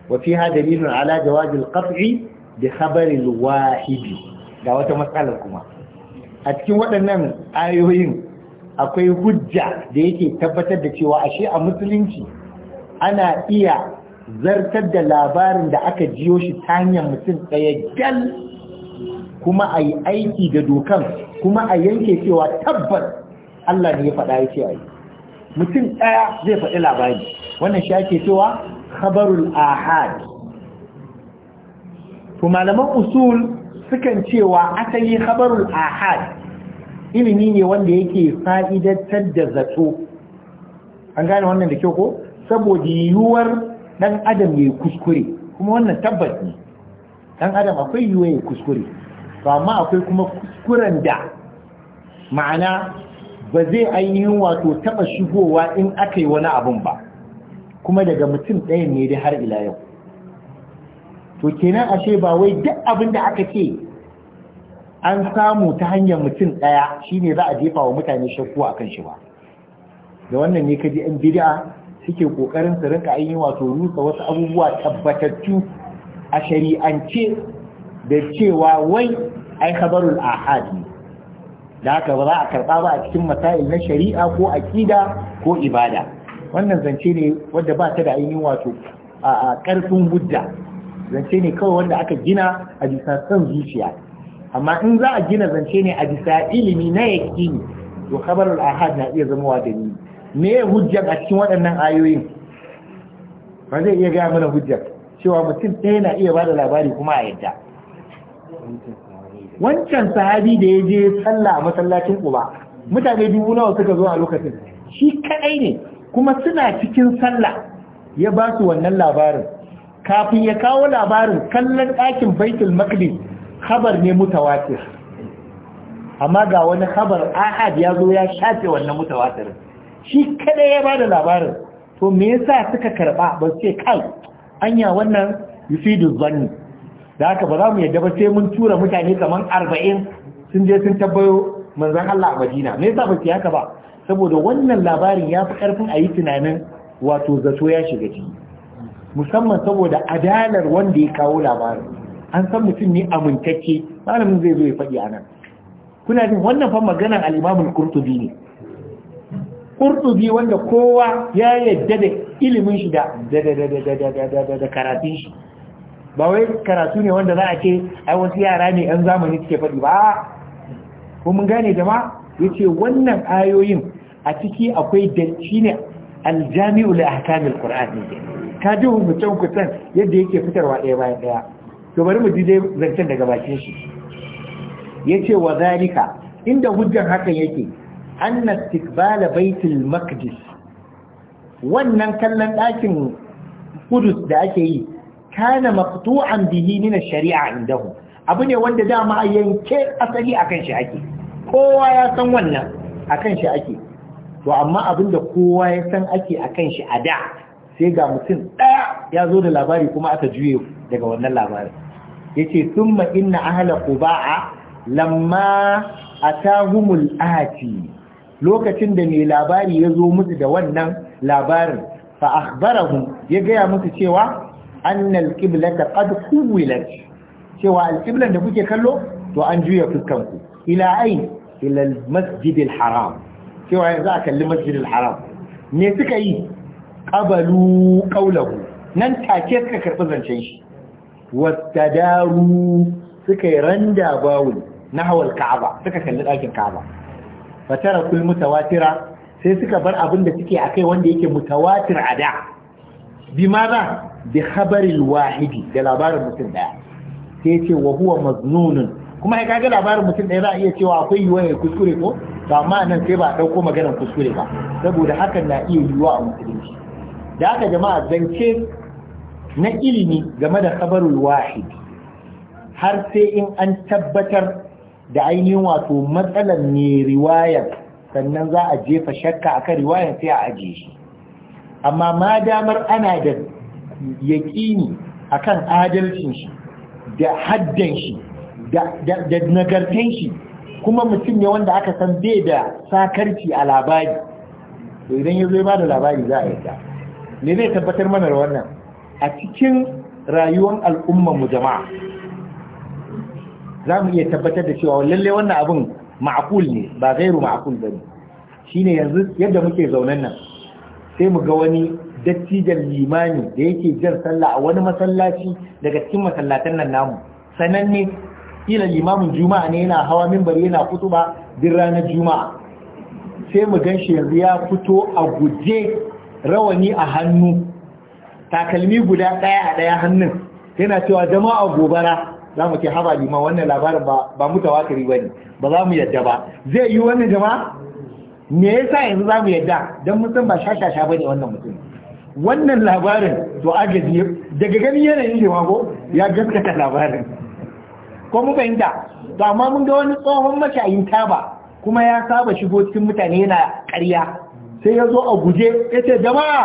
وفيها ala jawajin جواز da habarin wahidi ga wata matsalar kuma a cikin waɗannan ayoyin akwai hujja da yake tabbatar da cewa ashe a musulunci ana iya zartar da labarin da aka jiyo shi ta hanyar mutum ɗaya gal kuma a yi aiki da dokan kuma a yanke cewa tabbas Allah ne ya faɗa ya ce a yi mutum ɗaya zai faɗi labari wannan shi ake cewa khabarul ahad to malaman usul sukan cewa asali khabarul ahad ilimi ne wanda yake fa'idatar da zato an gane wannan da kyau ko saboda yiwuwar dan adam ya kuskure kuma wannan tabbas ne dan adam akwai yiwuwar ya kuskure ba ma akwai kuma kuskuren da ma'ana ba zai ainihin wato taba shigowa in aka yi wani abin ba kuma daga mutum ɗaya ne da har ila yau to kenan ashe ba wai duk abin da aka ce an samu ta hanyar mutum ɗaya shine za a jefa wa mutane shakku a kan shi ba da wannan ne kaji yan bid'a suke kokarin su rinka ainihin wato rusa wasu abubuwa tabbatattu a shari'ance da cewa wai ai khabarul ahad ne da haka ba za a karɓa ba a cikin masail na shari'a ko aƙida ko ibada wannan zance ne wadda ba ta da ainihin wato a ƙarfin hujja zance ne kawai wanda aka gina a bisa son zuciya amma in za a gina zance ne a bisa ilimi na yaƙini to khabarul ahad na iya zama dani me hujjan a cikin waɗannan ayoyin ba zai iya gaya mana hujja cewa mutum ɗaya na iya ba da labari kuma a yadda wancan sahabi da ya je sallah a masallacin uba, mutane dubu nawa suka zo a lokacin shi kadai ne kuma suna cikin sallah ya ba su wannan labarin kafin ya kawo labarin kallon ɗakin baitul maqdis khabar ne mutawatir amma ga wani khabar ahad ya zo ya shafe wannan mutawatir shi kadai ya ba da labarin to me yasa suka karba ba su ce kai anya wannan yufidu zanni da haka ba za mu yadda ba sai mun tura mutane kamar arba'in sun je sun tabbayo manzan Allah a Madina me yasa ba su haka ba saboda wannan labarin ya fi karfin a yi tunanin wato zato ya shiga ciki musamman saboda adalar wanda ya kawo labarin an san mutum ne amintacce malamin zai zo ya faɗi a nan kuna jin wannan fa maganar al-Imam qurtubi ne qurtubi wanda kowa ya yadda da ilimin shi da karatun shi ba wai karatu ne wanda za a ce ai wasu yara ne yan zamani suke faɗi ba ko mun gane ya yace wannan ayoyin a ciki akwai da ne aljami'u li ahkamil qur'an ne ka ji hukuncin yadda yake fitarwa ɗaya bayan ɗaya to bari mu ji dai zancen daga bakin shi yace wa zalika inda hujjan hakan yake anna istiqbala baitul maqdis wannan kallon ɗakin kudus da ake yi kana maqtu'an bihi min ash-shari'a indahu abu ne wanda dama yanke asali akan shi ake kowa ya san wannan akan shi ake to amma abinda da kowa ya san ake akan shi a da sai ga mutum daya ya zo da labari kuma aka juye daga wannan labarin yace thumma inna ahla quba'a lamma atahumul ati lokacin da mai labari ya zo musu da wannan labarin fa akhbarahum ya gaya musu cewa annal qiblata qad huwilat cewa alqiblan da kuke kallo to an juya fuskan ku ila ain ila almasjid alharam cewa yanzu a kalli masjid alharam ne suka yi qabalu qawlahu nan take suka karbi zancen shi wattadaru suka yi randa bawul nahwal ka'aba suka kalli dakin ka'aba fatara kul mutawatira sai suka bar abin da suke akai wanda yake mutawatir ada bi ma bi habarin wahidi da labarin mutum daya sai ce wa huwa maznunun kuma ya kaga labarin mutum ɗaya za a iya cewa akwai yiwuwa ya kuskure ko to amma nan sai ba a ɗauko maganar kuskure ba saboda hakan na iya yiwa a musulunci da haka jama'a zance na ilimi game da habarin wahidi har sai in an tabbatar da ainihin wato matsalar ne riwayar sannan za a jefa shakka akan riwayar sai a ajiye shi amma ma damar ana da yaƙini kan adalcin shi da haddan shi da nagartan shi kuma mutum ne wanda aka san bai da sakarci a labari idan ya zo ba da labari za a yadda me zai tabbatar mana da wannan a cikin rayuwar al'ummar mu jama'a za mu iya tabbatar da cewa lalle wannan abin ma'akul ne ba gairu ma'akul ba ne Shi ne yanzu yadda muke zaunen nan sai mu ga wani dattijan Limani da yake jan sallah a wani masallaci daga cikin masallatan nan namu sananne kila limamin juma'a ne yana hawa minbari yana kutuba din ranar juma'a sai mu gan shi yanzu ya fito a guje rawani a hannu takalmi guda ɗaya a daya hannun yana cewa jama'a gobara za mu ke haba liman wannan labarin ba mutawakiri ba ne ba za mu yadda ba zai yi wannan jama'a me yasa yanzu za mu yadda don ba san ba sha-sha-sha ba ne wannan mutum wannan labarin to agaji daga gani yanayin shi ko ya gaskata labarin ko mu fahimta to amma mun ga wani tsohon mashayin taba kuma ya saba shigo cikin mutane yana ƙarya sai ya zo a guje ya ce jama'a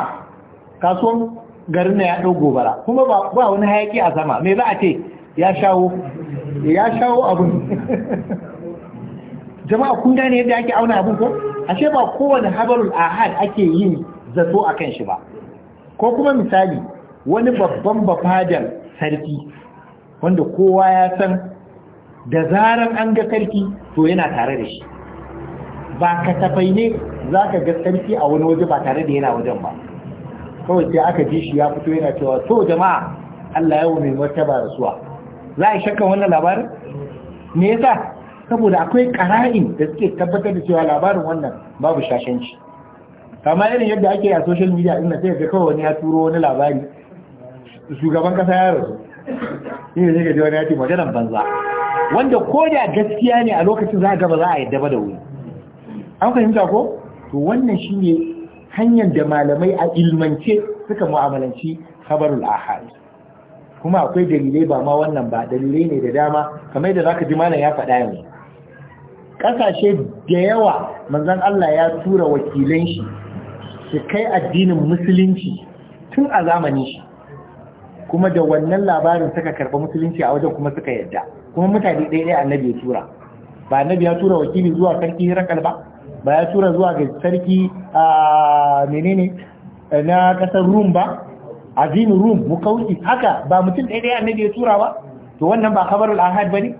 kasuwan garin na ya ɗau gobara kuma ba wani hayaki a sama me za a ce ya shawo ya shawo abin *laughs* jama'a kun gane yadda ake auna abin ko ashe ba kowane habarul ahad ake yin zato a kan shi ba ko kuma misali wani babban bafadar sarki wanda kowa ya san da zaran an ga sarki to yana tare da shi ba ka tafai ne za ka ga sarki a wani waje ba tare da yana wajen ba kawai sai aka ji shi ya fito yana cewa to jama'a Allah ya wani martaba rasuwa za a shakka wannan labarin me yasa saboda akwai ƙara'in da suke tabbatar da cewa labarin wannan babu shashanci kama irin yadda ake a social media din sai ga kawai wani ya turo wani labari shugaban kasa ya rasu ne ne ga wani ya ce maganar banza wanda ko da gaskiya ne a lokacin za a gaba za a yadda ba da wuri an fahimta ko to wannan shine hanyar da malamai a ilmance suka mu'amalanci khabarul ahad kuma akwai dalilai ba ma wannan ba dalilai ne da dama kamar yadda zaka ji malam ya faɗa yanzu kasashe da yawa manzon Allah ya tura wakilan shi su kai addinin musulunci tun a zamani shi kuma da wannan labarin suka karba musulunci a wajen kuma suka yadda kuma mutane ɗaya ɗaya annabi ya tura ba annabi ya tura wakili zuwa sarki hirakal ba ba ya tura zuwa ga sarki a menene na kasar rum ba azimin rum mukauki haka ba mutum ɗaya ɗaya annabi ya tura ba to wannan ba khabarul ahad ba ne?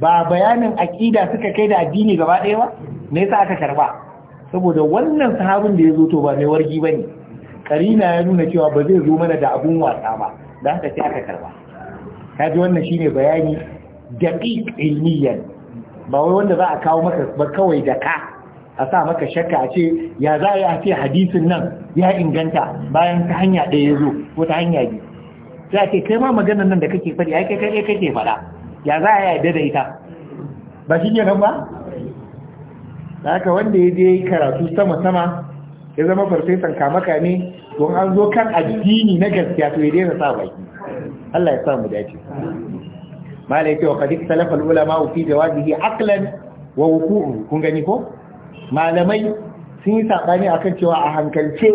ba bayanin aqida suka kai da addini gaba ɗaya ba me yasa aka karba saboda wannan sahabin da ya zo to ba mai wargi ba ne karina ya nuna cewa ba zai zo mana da abun wasa ba da haka sai aka karba kaji wannan shine bayani daqiq ilmiyan ba wai wanda za a kawo maka ba kawai da ka a sa maka shakka a ce ya za a ce hadisin nan ya inganta bayan ta hanya ɗaya ya zo ko ta hanya biyu sai a ce kai ma maganar nan da kake faɗi ai kai kai kake faɗa ya za a yarda da ita ba shi nan ba haka wanda ya je karatu sama-sama ya zama farfesan kamaka ne don an zo kan addini na gaskiya to ya daina sa baki Allah ya sa mu dace malai ce wa qad ulama fi jawazihi aqlan wa wuqu'u kun gani ko malamai sun yi sabani akan cewa a hankalce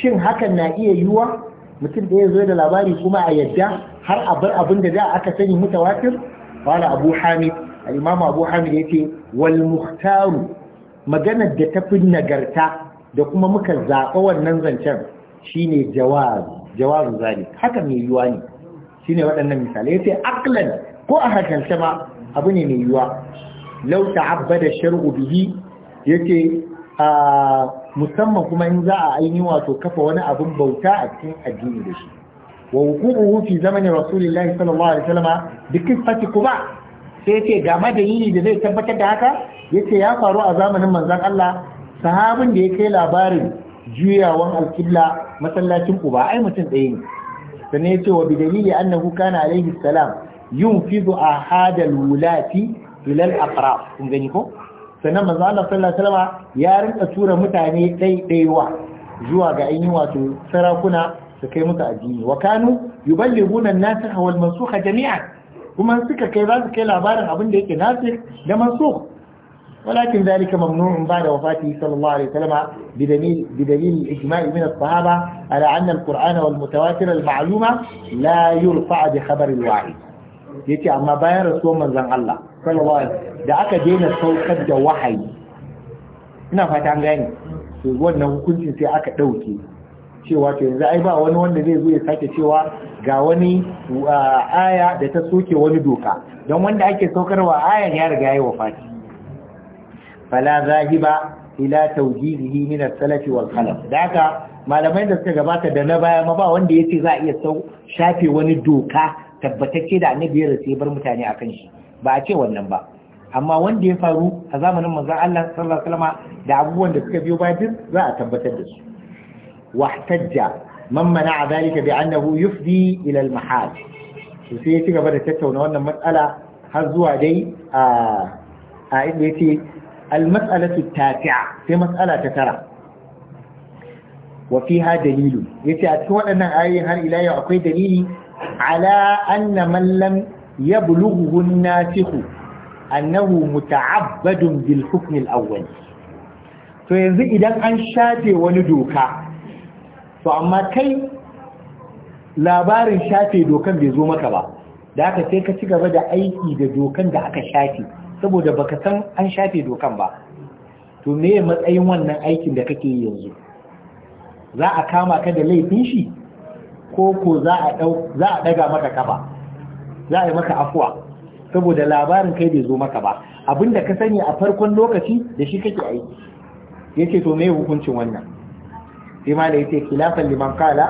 shin hakan na iya yiwuwa mutum da ya zo da labari kuma a yadda har a bar abin da za aka sani mutawatir wala abu hamid al-imam abu hamid yace wal muhtaru maganar da ta fi nagarta da kuma muka zaɓa wannan zancen shi ne jawazu zalik haka mai yiwa ne Shi ne waɗannan misalai sai aklan ko a hakance ma abu ne mai yiwa Abba da shar'u bihi ya a musamman kuma in za a aini wato kafa wani abin bauta a cikin addini da shi wa zama ne zamani rasulillahi sallallahu alaihi wasallam bi kifati sai ce ga dalili da zai tabbatar da haka ce ya faru a zamanin manzon Allah sahabin da ya kai labarin juyawan alƙibla masallacin uba ai mutum ɗaya ne sannan yace wa bidalili annahu kana alaihi salam yunfidu ahadal wulati ila al-aqrab kun gani ko sannan manzo Allah sallallahu alaihi wasallam ya rinka tura mutane daidaiwa zuwa ga ainihin wato sarakuna su kai musu addini wa kanu yuballighuna an-nasiha wal mansukha jami'an kuma suka kai za kai labarin abin da yake nasir da manso walakin zalika mamnun ba da wafati sallallahu alaihi wasallam bi dalil bi dalil ijma'i min as-sahaba ala anna al-qur'ana wal mutawatir al-ma'luma la yurfa'u bi khabar al-wahid amma bayan rasuwar manzon Allah sallallahu alaihi da aka daina saukar da wahayi ina fata an gane to wannan hukuncin sai aka dauke cewa to yanzu ai ba wani wanda zai zo ya sake cewa ga wani aya da ta soke wani doka don wanda ake saukarwa ayan ya riga ya yi wafati fala zahiba ila tawjihihi min as-salaf wal khalaf daga malamai da suka gabata da na baya ma ba wanda yace za a iya sau shafe wani doka tabbatacce da annabi ya race bar mutane akan shi ba a ce wannan ba amma wanda ya faru a zamanin manzon Allah sallallahu alaihi wasallam da abubuwan da suka biyo bayan za a tabbatar da su wahtajja man mana'a dhalika bi annahu yufdi ila mahal sai ya ci gaba da tattauna wannan matsala har zuwa dai a a inda yace al-mas'alatu tasi'a sai matsala ta tara wa ha dalilu yace a cikin waɗannan ayoyi har ila yau akwai dalili ala anna man lam yablughu an annahu muta'abbadun bil hukm al-awwal to yanzu idan an shafe wani doka to amma kai labarin shafe dokan bai zo maka ba da aka sai ka ci gaba da aiki da dokan da aka shafe saboda baka san an shafe dokan ba to me matsayin wannan aikin da kake yi yanzu za a kama ka da laifin shi ko ko za a za daga maka kafa za a yi maka afuwa saboda labarin kai bai zo maka ba abinda ka sani a farkon lokaci da shi kake aiki yake to me hukuncin wannan sai ma da ce kilafan liman kala.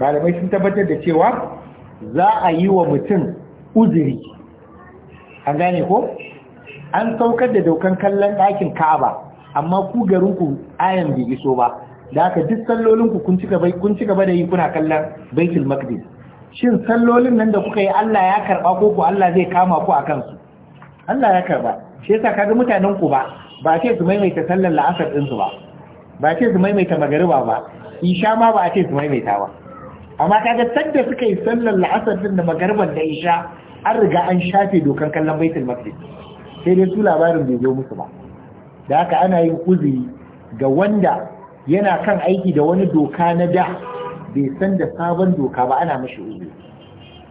malamai sun tabbatar da cewa za a yi wa mutum uzuri an gane ko an saukar da daukan kallon ɗakin Ka'aba amma ku garinku ayan bai iso ba da aka duk sallolinku kun cika gaba kun da yi kuna kallon Baitul Maqdis shin sallolin nan da kuka yi Allah ya karba ko ku Allah zai kama ku a kansu Allah ya karba shi yasa kaga mutanen ku ba ba sai su maimaita sallar la'asar din su ba ba ce su maimaita magariba ba isha ma ba a ce su maimaita ba amma kaga tanda suka yi sallar la'asar din da magariban da isha an riga an shafe dokan kallon baitul maqdis sai dai su labarin bai zo musu ba da haka ana yin uzuri ga wanda yana kan aiki da wani doka na da bai san da sabon doka ba ana mashi uzuri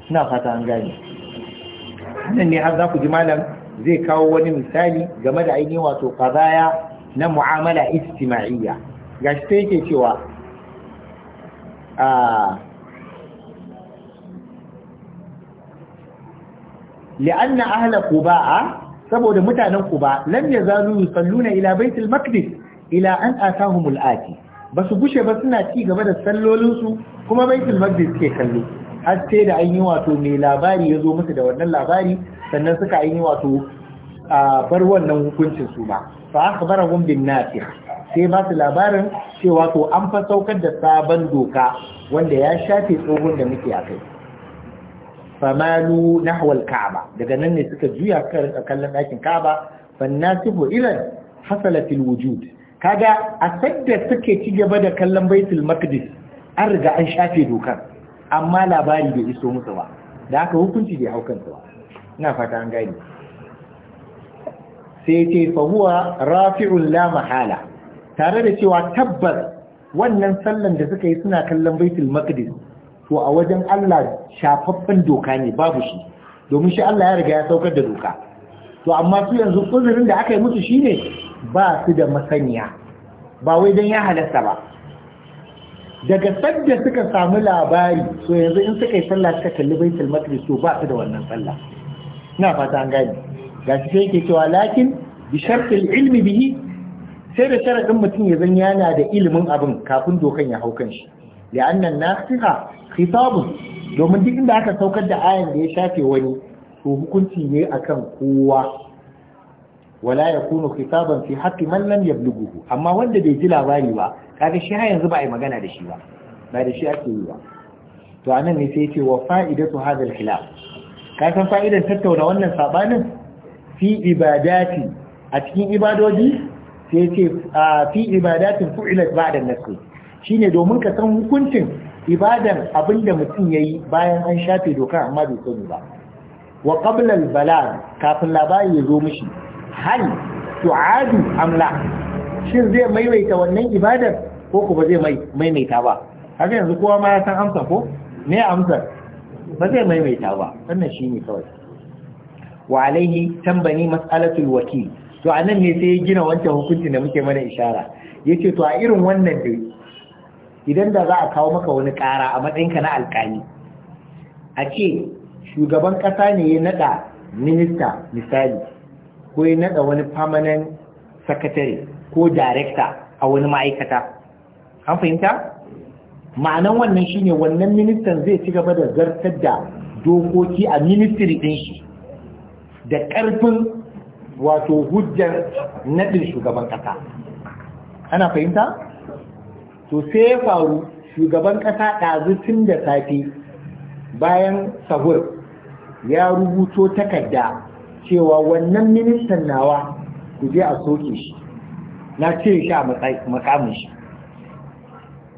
ina fata an gane nan ne har za ku ji malam zai kawo wani misali game da ainihin wato kazaya na mu'amala istima'iyya ga shi sai yake cewa ah, li'anna ahla quba'a saboda mutanen quba lam yazalu salluna, ila baitul maqdis ila an atahumul ati basu gushe ba suna ci gaba da sallolinsu kuma baitul maqdis ke kallo har sai da an yi wato mai labari yazo musu da wannan labari sannan suka yi wato a bar wannan hukuncin su ba fa akhbarahum bin nafi sai ba su labarin cewa to an fa saukar da sabon doka wanda ya shafe tsohon da muke a kai famalu nahwal ka'aba daga nan ne suka juya kallon ɗakin ka'aba fannasibu ilan hasalatil wujud kaga a sadda suke ci gaba da kallon baitul maqdis an riga an shafe dokar amma labari bai iso musu ba da aka hukunci bai hau ba ina fata an gane sai ce fahuwa rafi'un la mahala tare da cewa tabbas wannan sallan da suka yi suna kallon baitul maqdis to a wajen Allah shafaffen doka ne babu shi domin shi Allah ya riga ya saukar da doka to amma su yanzu uzurin da aka yi musu shine ba su da masaniya ba wai dan ya halasta ba daga sadda suka samu labari so yanzu in suka yi sallah suka kalli baitul maqdis to ba su da wannan sallah ina fata an gane ga shi sai yake cewa lakin bi shartil ilmi bihi sai da sharadin mutum ya zan yana da ilimin abin kafin dokan ya hau kan shi la'annan nasiha khitabun domin duk inda aka saukar da ayan da ya shafe wani to hukunci ne akan kowa wala ya kunu khitaban fi haqqi man lam yablughu amma wanda bai ji labari ba kaga shi har yanzu ba a yi magana da shi ba ba da shi ake yi ba to anan ne sai ce wa fa'idatu hadha al-khilaf ka san fa'idan tattauna wannan sabanin fi ibadati a cikin ibadoji sai ce fi ibadatin fu'ilat ba'da nasu shine domin ka san hukuncin ibadar abinda mutum yayi bayan an shafe dokar amma bai sani ba wa qabla al kafin labari ya zo mishi hal tu'adu amla shin zai maimaita wannan ibadar ko kuma zai maimaita ba haka yanzu kowa ma ya san amsa ko me amsar ba zai maimaita ba wannan shine kawai wa alaihi tambani mas'alatul wakil to anan ne sai ya gina wancan hukunci da muke mana ishara ya ce to a irin wannan dai idan da za a kawo maka wani ƙara a matsayinka na alƙali a ce shugaban ƙasa ne ya naɗa minista misali ko ya naɗa wani permanent secretary ko director a wani ma'aikata an fahimta ma'anan wannan shine wannan ministan zai ci gaba da zartar da dokoki a ministry ɗin shi da ƙarfin wato hujjar naɗin shugaban ƙasa ana fahimta? to sai ya faru shugaban ƙasa ɗazu tun da safe bayan sahur ya rubuto takarda cewa wannan ministan nawa ku je a soke shi na ce shi a makamin shi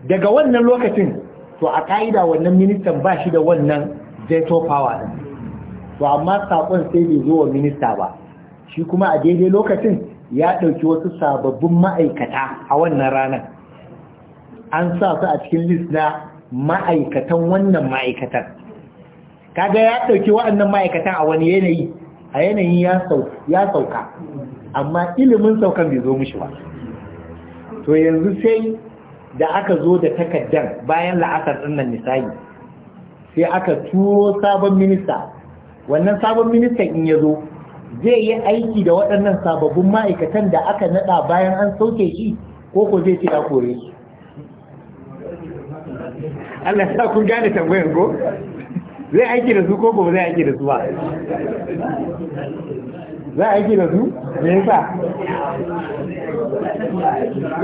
daga wannan lokacin to a ƙa'ida wannan ministan ba shi da wannan veto power to amma sakon sai bai zo wa minista ba shi kuma a daidai lokacin ya ɗauki wasu sababbin ma'aikata a wannan ranar an sa su a cikin list na ma'aikatan wannan ma'aikatan kaga ya ɗauki waɗannan ma'aikatan a wani yanayi a yanayi ya sauka amma ilimin saukan bai zo mushi ba to yanzu sai da aka zo da takaddan bayan la'asar ɗinnan misali sai aka turo sabon minista wannan sabon ministan in ya zo zai yi aiki da waɗannan sababbin ma'aikatan da aka naɗa bayan an sauke shi ko ko zai ce ya kore shi Allah sa kun gane tambayar ko zai aiki da su ko ko zai aiki da su ba za aiki da su me yasa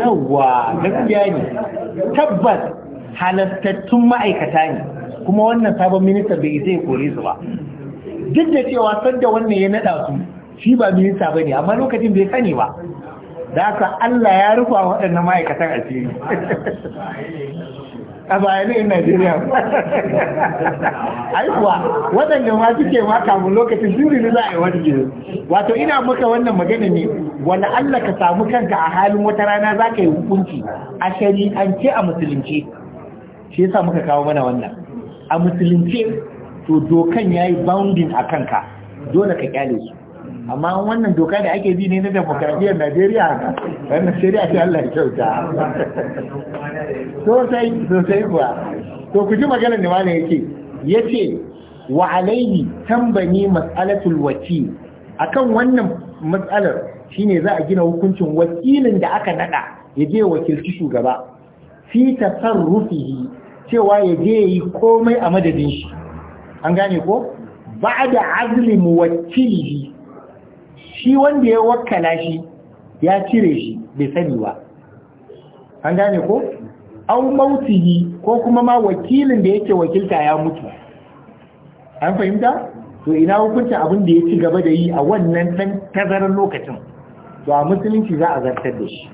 yawwa gaskiya ne tabbas halastattun ma'aikata ne kuma wannan sabon ministan bai zai kore su ba duk da cewa sanda wannan ya naɗa su shi ba minista bane amma lokacin bai sani ba da haka Allah ya rufa waɗannan ma'aikatan asiri *laughs* a in Najeriya *laughs* aikuwa waɗanda ma suke ma kamun lokacin juri ne za a yi wani gini wato ina maka wannan magana ne wani Allah ka samu kanka a halin wata rana za ka yi hukunci a shari'ance a musulunci shi yasa muka kawo mana wannan a musulunci to dokan ya yi bounding a kanka dole ka kyale su amma wannan doka da ake bi ne na demokradiyyar najeriya haka wannan shari'a ta allah kyauta sosai sosai kuwa to ku ji maganar da malam yake ya ce wa alaihi tambani mas'alatul A akan wannan matsalar shine za a gina hukuncin wakilin da aka nada ya je wakilci shugaba fi tasarrufihi cewa ya je yi komai a madadin shi an gane ko ba da azli muwakkili shi wanda ya wakkala shi ya cire shi bai sani ba an gane ko an mautihi ko kuma ma wakilin da yake wakilta ya mutu an fahimta to ina hukuncin abin da ya ci gaba da yi a wannan dan tazarar lokacin to a musulunci za a zartar da shi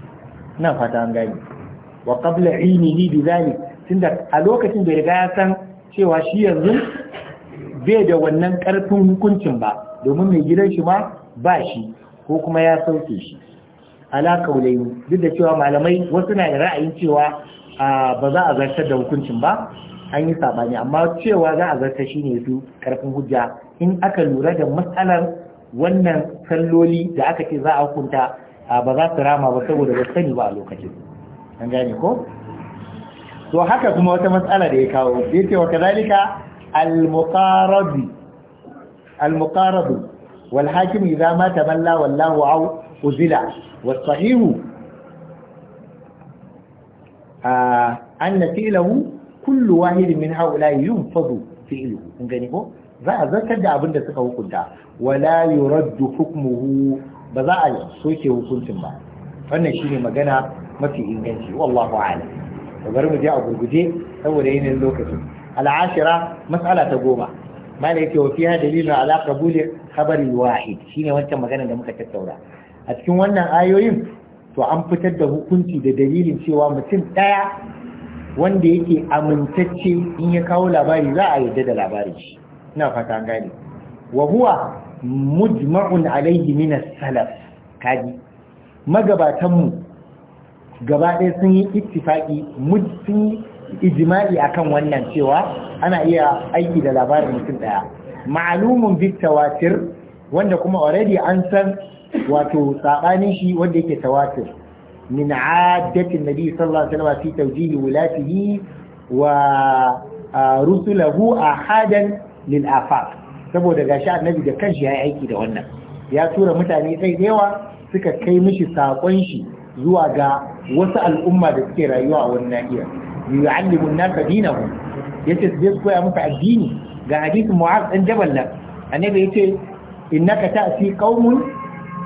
ina fata an gane wa qabla ilmihi bi zalik tunda a lokacin da riga ya san cewa shi yanzu bai da wannan ƙarfin hukuncin ba domin mai gidan shi ma ba shi ko kuma ya sauke shi ala kaulayu duk da cewa malamai wasu na ra'ayin cewa ba za a zartar da hukuncin ba an yi sabani amma cewa za a zartar shi ne su ƙarfin hujja in aka lura da matsalar wannan salloli da aka ce za a hukunta ba za su rama ba saboda ba sani ba a lokacin an gane ko to haka kuma wata matsala da ya kawo ya ce wa kazalika al-muqarabi al-muqarabi wal hakim idza ma tamalla wallahu aw uzila was sahihu anna fi'lahu kullu wahid min haula yunfadu fi'luhu kun ko za a zartar da abin da suka hukunta wala yuraddu hukmuhu ba za a soke hukuncin ba wannan shine magana mafi inganci wallahu a'lam bari mu je a gurguje saboda yanayin lokacin al'ashira mas'ala ta goma malai yake wafi ya dalilin ala qabuli khabari wahid shine wancan magana da muka tattauna a cikin wannan ayoyin to an fitar da hukunci da dalilin cewa mutum ɗaya. wanda yake amintacce in ya kawo labari za a yadda da labarin shi ina fata an gane wa huwa mujma'un alaihi min as-salaf kaji magabatan mu gaba ɗaya sun yi ittifaki sun ijma'i akan wannan cewa ana iya aiki da labarin mutum daya ma'alumin bi tawatir wanda kuma already an san wato sabanin shi wanda yake tawatir min adatin nabi sallallahu alaihi wasallam fi tawjihi wulatihi wa rusulahu ahadan lil afaq saboda gashi annabi da kanshi ya aiki da wannan ya tura mutane sai da yawa suka kai mishi sakon shi zuwa ga wasu al'umma da suke rayuwa a wannan nahiyar yu'allimu an-nasa dinahum yace su je su koya musu addini ga hadisin Mu'adh dan Jabal nan annabi yace innaka ta'ti qaumun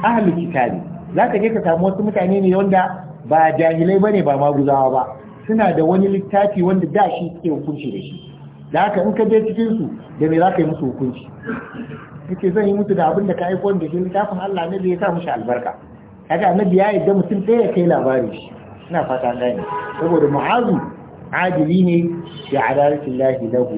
ahli kitabi zaka je ka samu wasu mutane ne wanda ba jahilai bane ba maguzawa ba suna da wani littafi wanda da shi ke hukunci da shi da haka in ka je cikin su da me zaka yi musu hukunci kace zan yi musu da abin da ka aiko da shi littafin Allah ne da ya sa musu albarka kaga annabi ya yi yadda mutum ɗaya kai labari shi ina fata an gane saboda mu'azu adili ne bi adalatin lahi lahu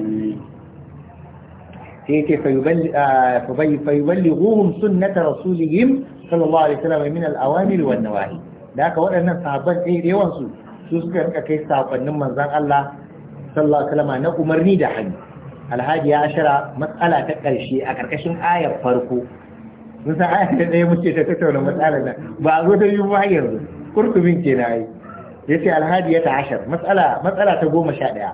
sai yake fayuballighuhum sunnata rasulihim sallallahu alaihi wasallam min al-awamir wan nawahi da haka waɗannan sahabban sai da yawan su rika kai sakonnin manzon Allah sallallahu alaihi wasallam na umarni da hannu alhaji ya ashara matsala ta ƙarshe a ƙarƙashin ayar farko mun san da ɗaya muke ta tattauna matsalar ba a yi yanzu kurkumin ke na yace alhadiyata ashar matsala matsala ta goma sha ɗaya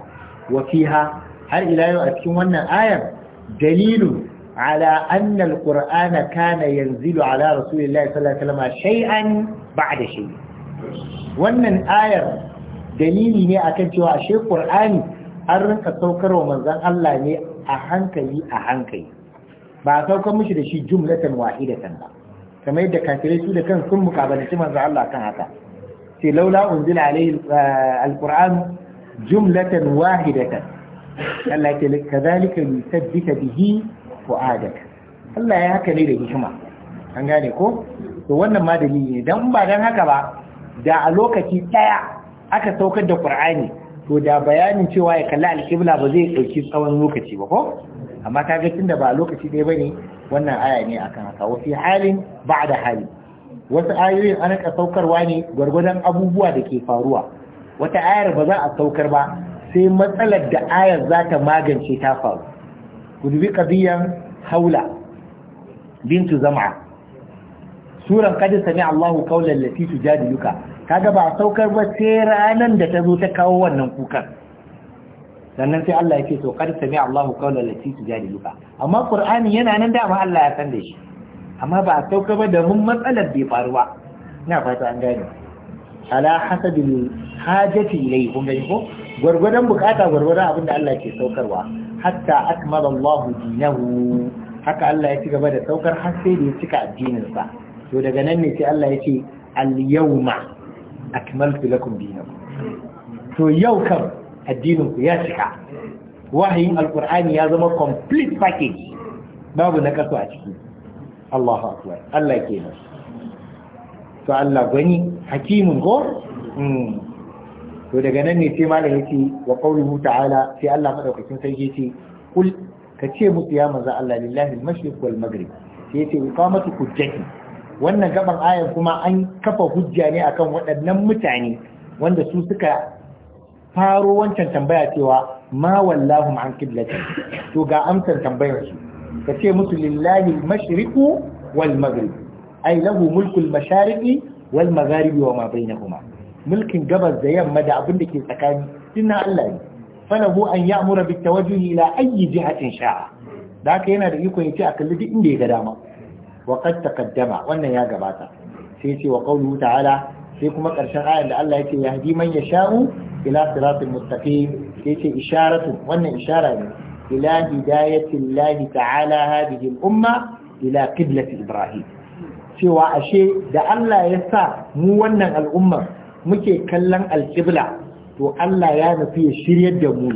wa fiha har ila yau a cikin wannan ayar dalilu ala anna alqur'ana kana yanzilu ala rasulillahi sallallahu alaihi wasallam shay'an ba'da shay wannan ayar dalili ne akan cewa ashe qur'ani an rinka saukarwa manzon Allah ne a hankali a hankali ba a saukar mishi da shi jumlatan wahidatan ba kamar yadda kafirai su da kan sun mukabalanci manzon Allah kan haka ce laula unzila alaihi eh, alquran jumlatan wahidatan Allah ya ce kadhalika yusabbita bihi fu'adak Allah ya haka ne da hikima an gane ko to wannan ma dalili ne dan ba dan haka ba da a lokaci daya aka saukar da qur'ani to da bayanin cewa ya kalli alqibla ba zai dauki tsawon lokaci ba ko amma kaga tunda ba lokaci daya bane wannan aya ne akan haka wa fi halin ba'da halin wasu ayoyin an ka saukarwa ne gwargwadon abubuwa da ke faruwa wata ayar ba za a saukar ba sai matsalar da ayar za ta magance ta faru ku dubi haula bintu zam'a suran kad sami Allahu qawlan lati tujadiluka kaga ba a saukar ba sai ranan da ta zo ta kawo wannan kukan sannan sai Allah ya ce to kad sami Allahu qawlan lati tujadiluka amma Qur'ani yana nan dama Allah ya san da shi amma ba a sauka ba da mun matsalar bai faruwa ina fata an gane ala hasadin hajati ilai kun gani ko gwargwadon bukata gwargwadon abinda Allah ke saukarwa hatta akmala Allahu dinahu haka Allah ya ci gaba da saukar har sai da ya cika addinin sa to daga nan ne sai Allah ya ce al yawma akmaltu lakum dinakum to yau kam addinin ku ya cika wahayin alqur'ani ya zama complete package babu na kaso a ciki Allahu akbar Allah kenan to Allah gani hakimun ko hmm. to daga nan ne sai malam yace wa qawluhu ta'ala sai Allah madaukakin sai yace kul ka ce musu ya manzo Allah lillahi al-mashriq wal maghrib sai yace iqamatu hujjati wannan gaban ayan kuma an kafa hujja ne akan waɗannan mutane wanda su suka faro wancan tambaya cewa ma wallahu an qiblati to ga amsar tambayar su ka ce musu lillahi mashriqu wal maghrib ai lahu mulkul mashariqi wal magharibi wa ma bainahuma mulkin gabas da yamma da abin da ke tsakani dinna Allah ne falahu an ya'mura bit tawajjuh ila ayyi jihatin sha'a da haka yana da ikon yace a kalli duk inda ya ga dama wa qad taqaddama wannan ya gabata sai yace wa qawluhu ta'ala sai kuma karshen ayar da Allah yake yahdi man yasha'u ila siratil mustaqim sai ce isharatu wannan ishara ne ila hidayatin lahi ta'ala hadihil umma ila qiblati ibrahim cewa ashe da Allah ya sa mu wannan al'ummar muke kallon alƙibla to Allah ya nufi ya shiryar da mu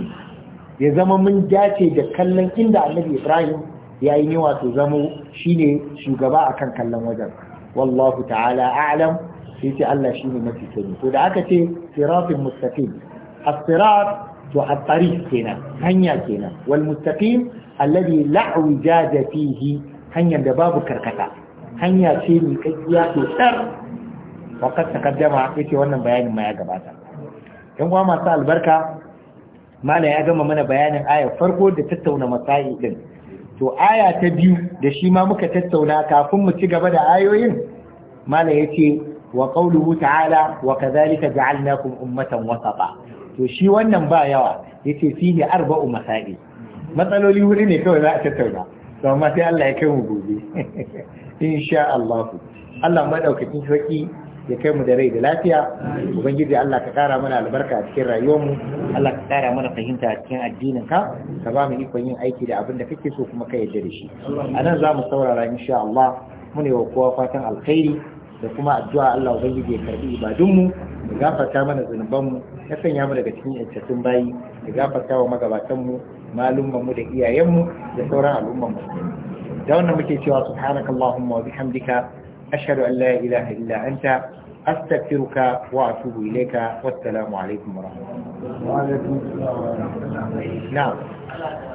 ya zama mun dace da kallon inda annabi ibrahim ya yi yawa to zamo shine shugaba akan kallon wajen wallahu ta'ala a'lam sai ce Allah shine mafi sani to da aka ce siratin mustaqim as-sirat to a kenan hanya kenan wal mustaqim alladhi la wijada fihi hanyar da babu karkata hanya ce mai kakkiya to tsar wakat takaddama yace wannan bayanin ma ya gabata yan kuma masu albarka malam ya gama mana bayanin ayar farko da tattauna masai din to aya ta biyu da shi ma muka tattauna kafin mu ci gaba da ayoyin malam yace wa qawluhu ta'ala wa kadhalika ja'alnakum ummatan wasata to shi wannan ba yawa ya ce fihi arba'u masa'i matsaloli wuri ne kawai za a tattauna Sama ma sai Allah ya kai mu gobe *laughs* insha Allah Allah maɗaukacin sauƙi ya kai mu da rai da lafiya ubangiji Allah ka ƙara mana albarka a cikin rayuwarmu Allah ka ƙara mana fahimta a cikin addinin ka ka ba mu ikon yin aiki da abin da kake so kuma ka yarda da shi a nan za mu saurara insha Allah mu ne wa kowa fatan alkhairi da kuma addu'a Allah ubangiji ya karɓi ibadunmu ya gafarta mana zunubanmu ya sanya mu daga cikin yancattun bayi da gafarta wa magabatanmu malummanmu da iyayenmu da sauran al'umman mu da wannan muke cewa allahumma wa bihamdika ashhadu an la ilaha illa anta astaghfiruka wa atubu ilayka wassalamu alaikum wa rahmatullahi wa barakatuh na'am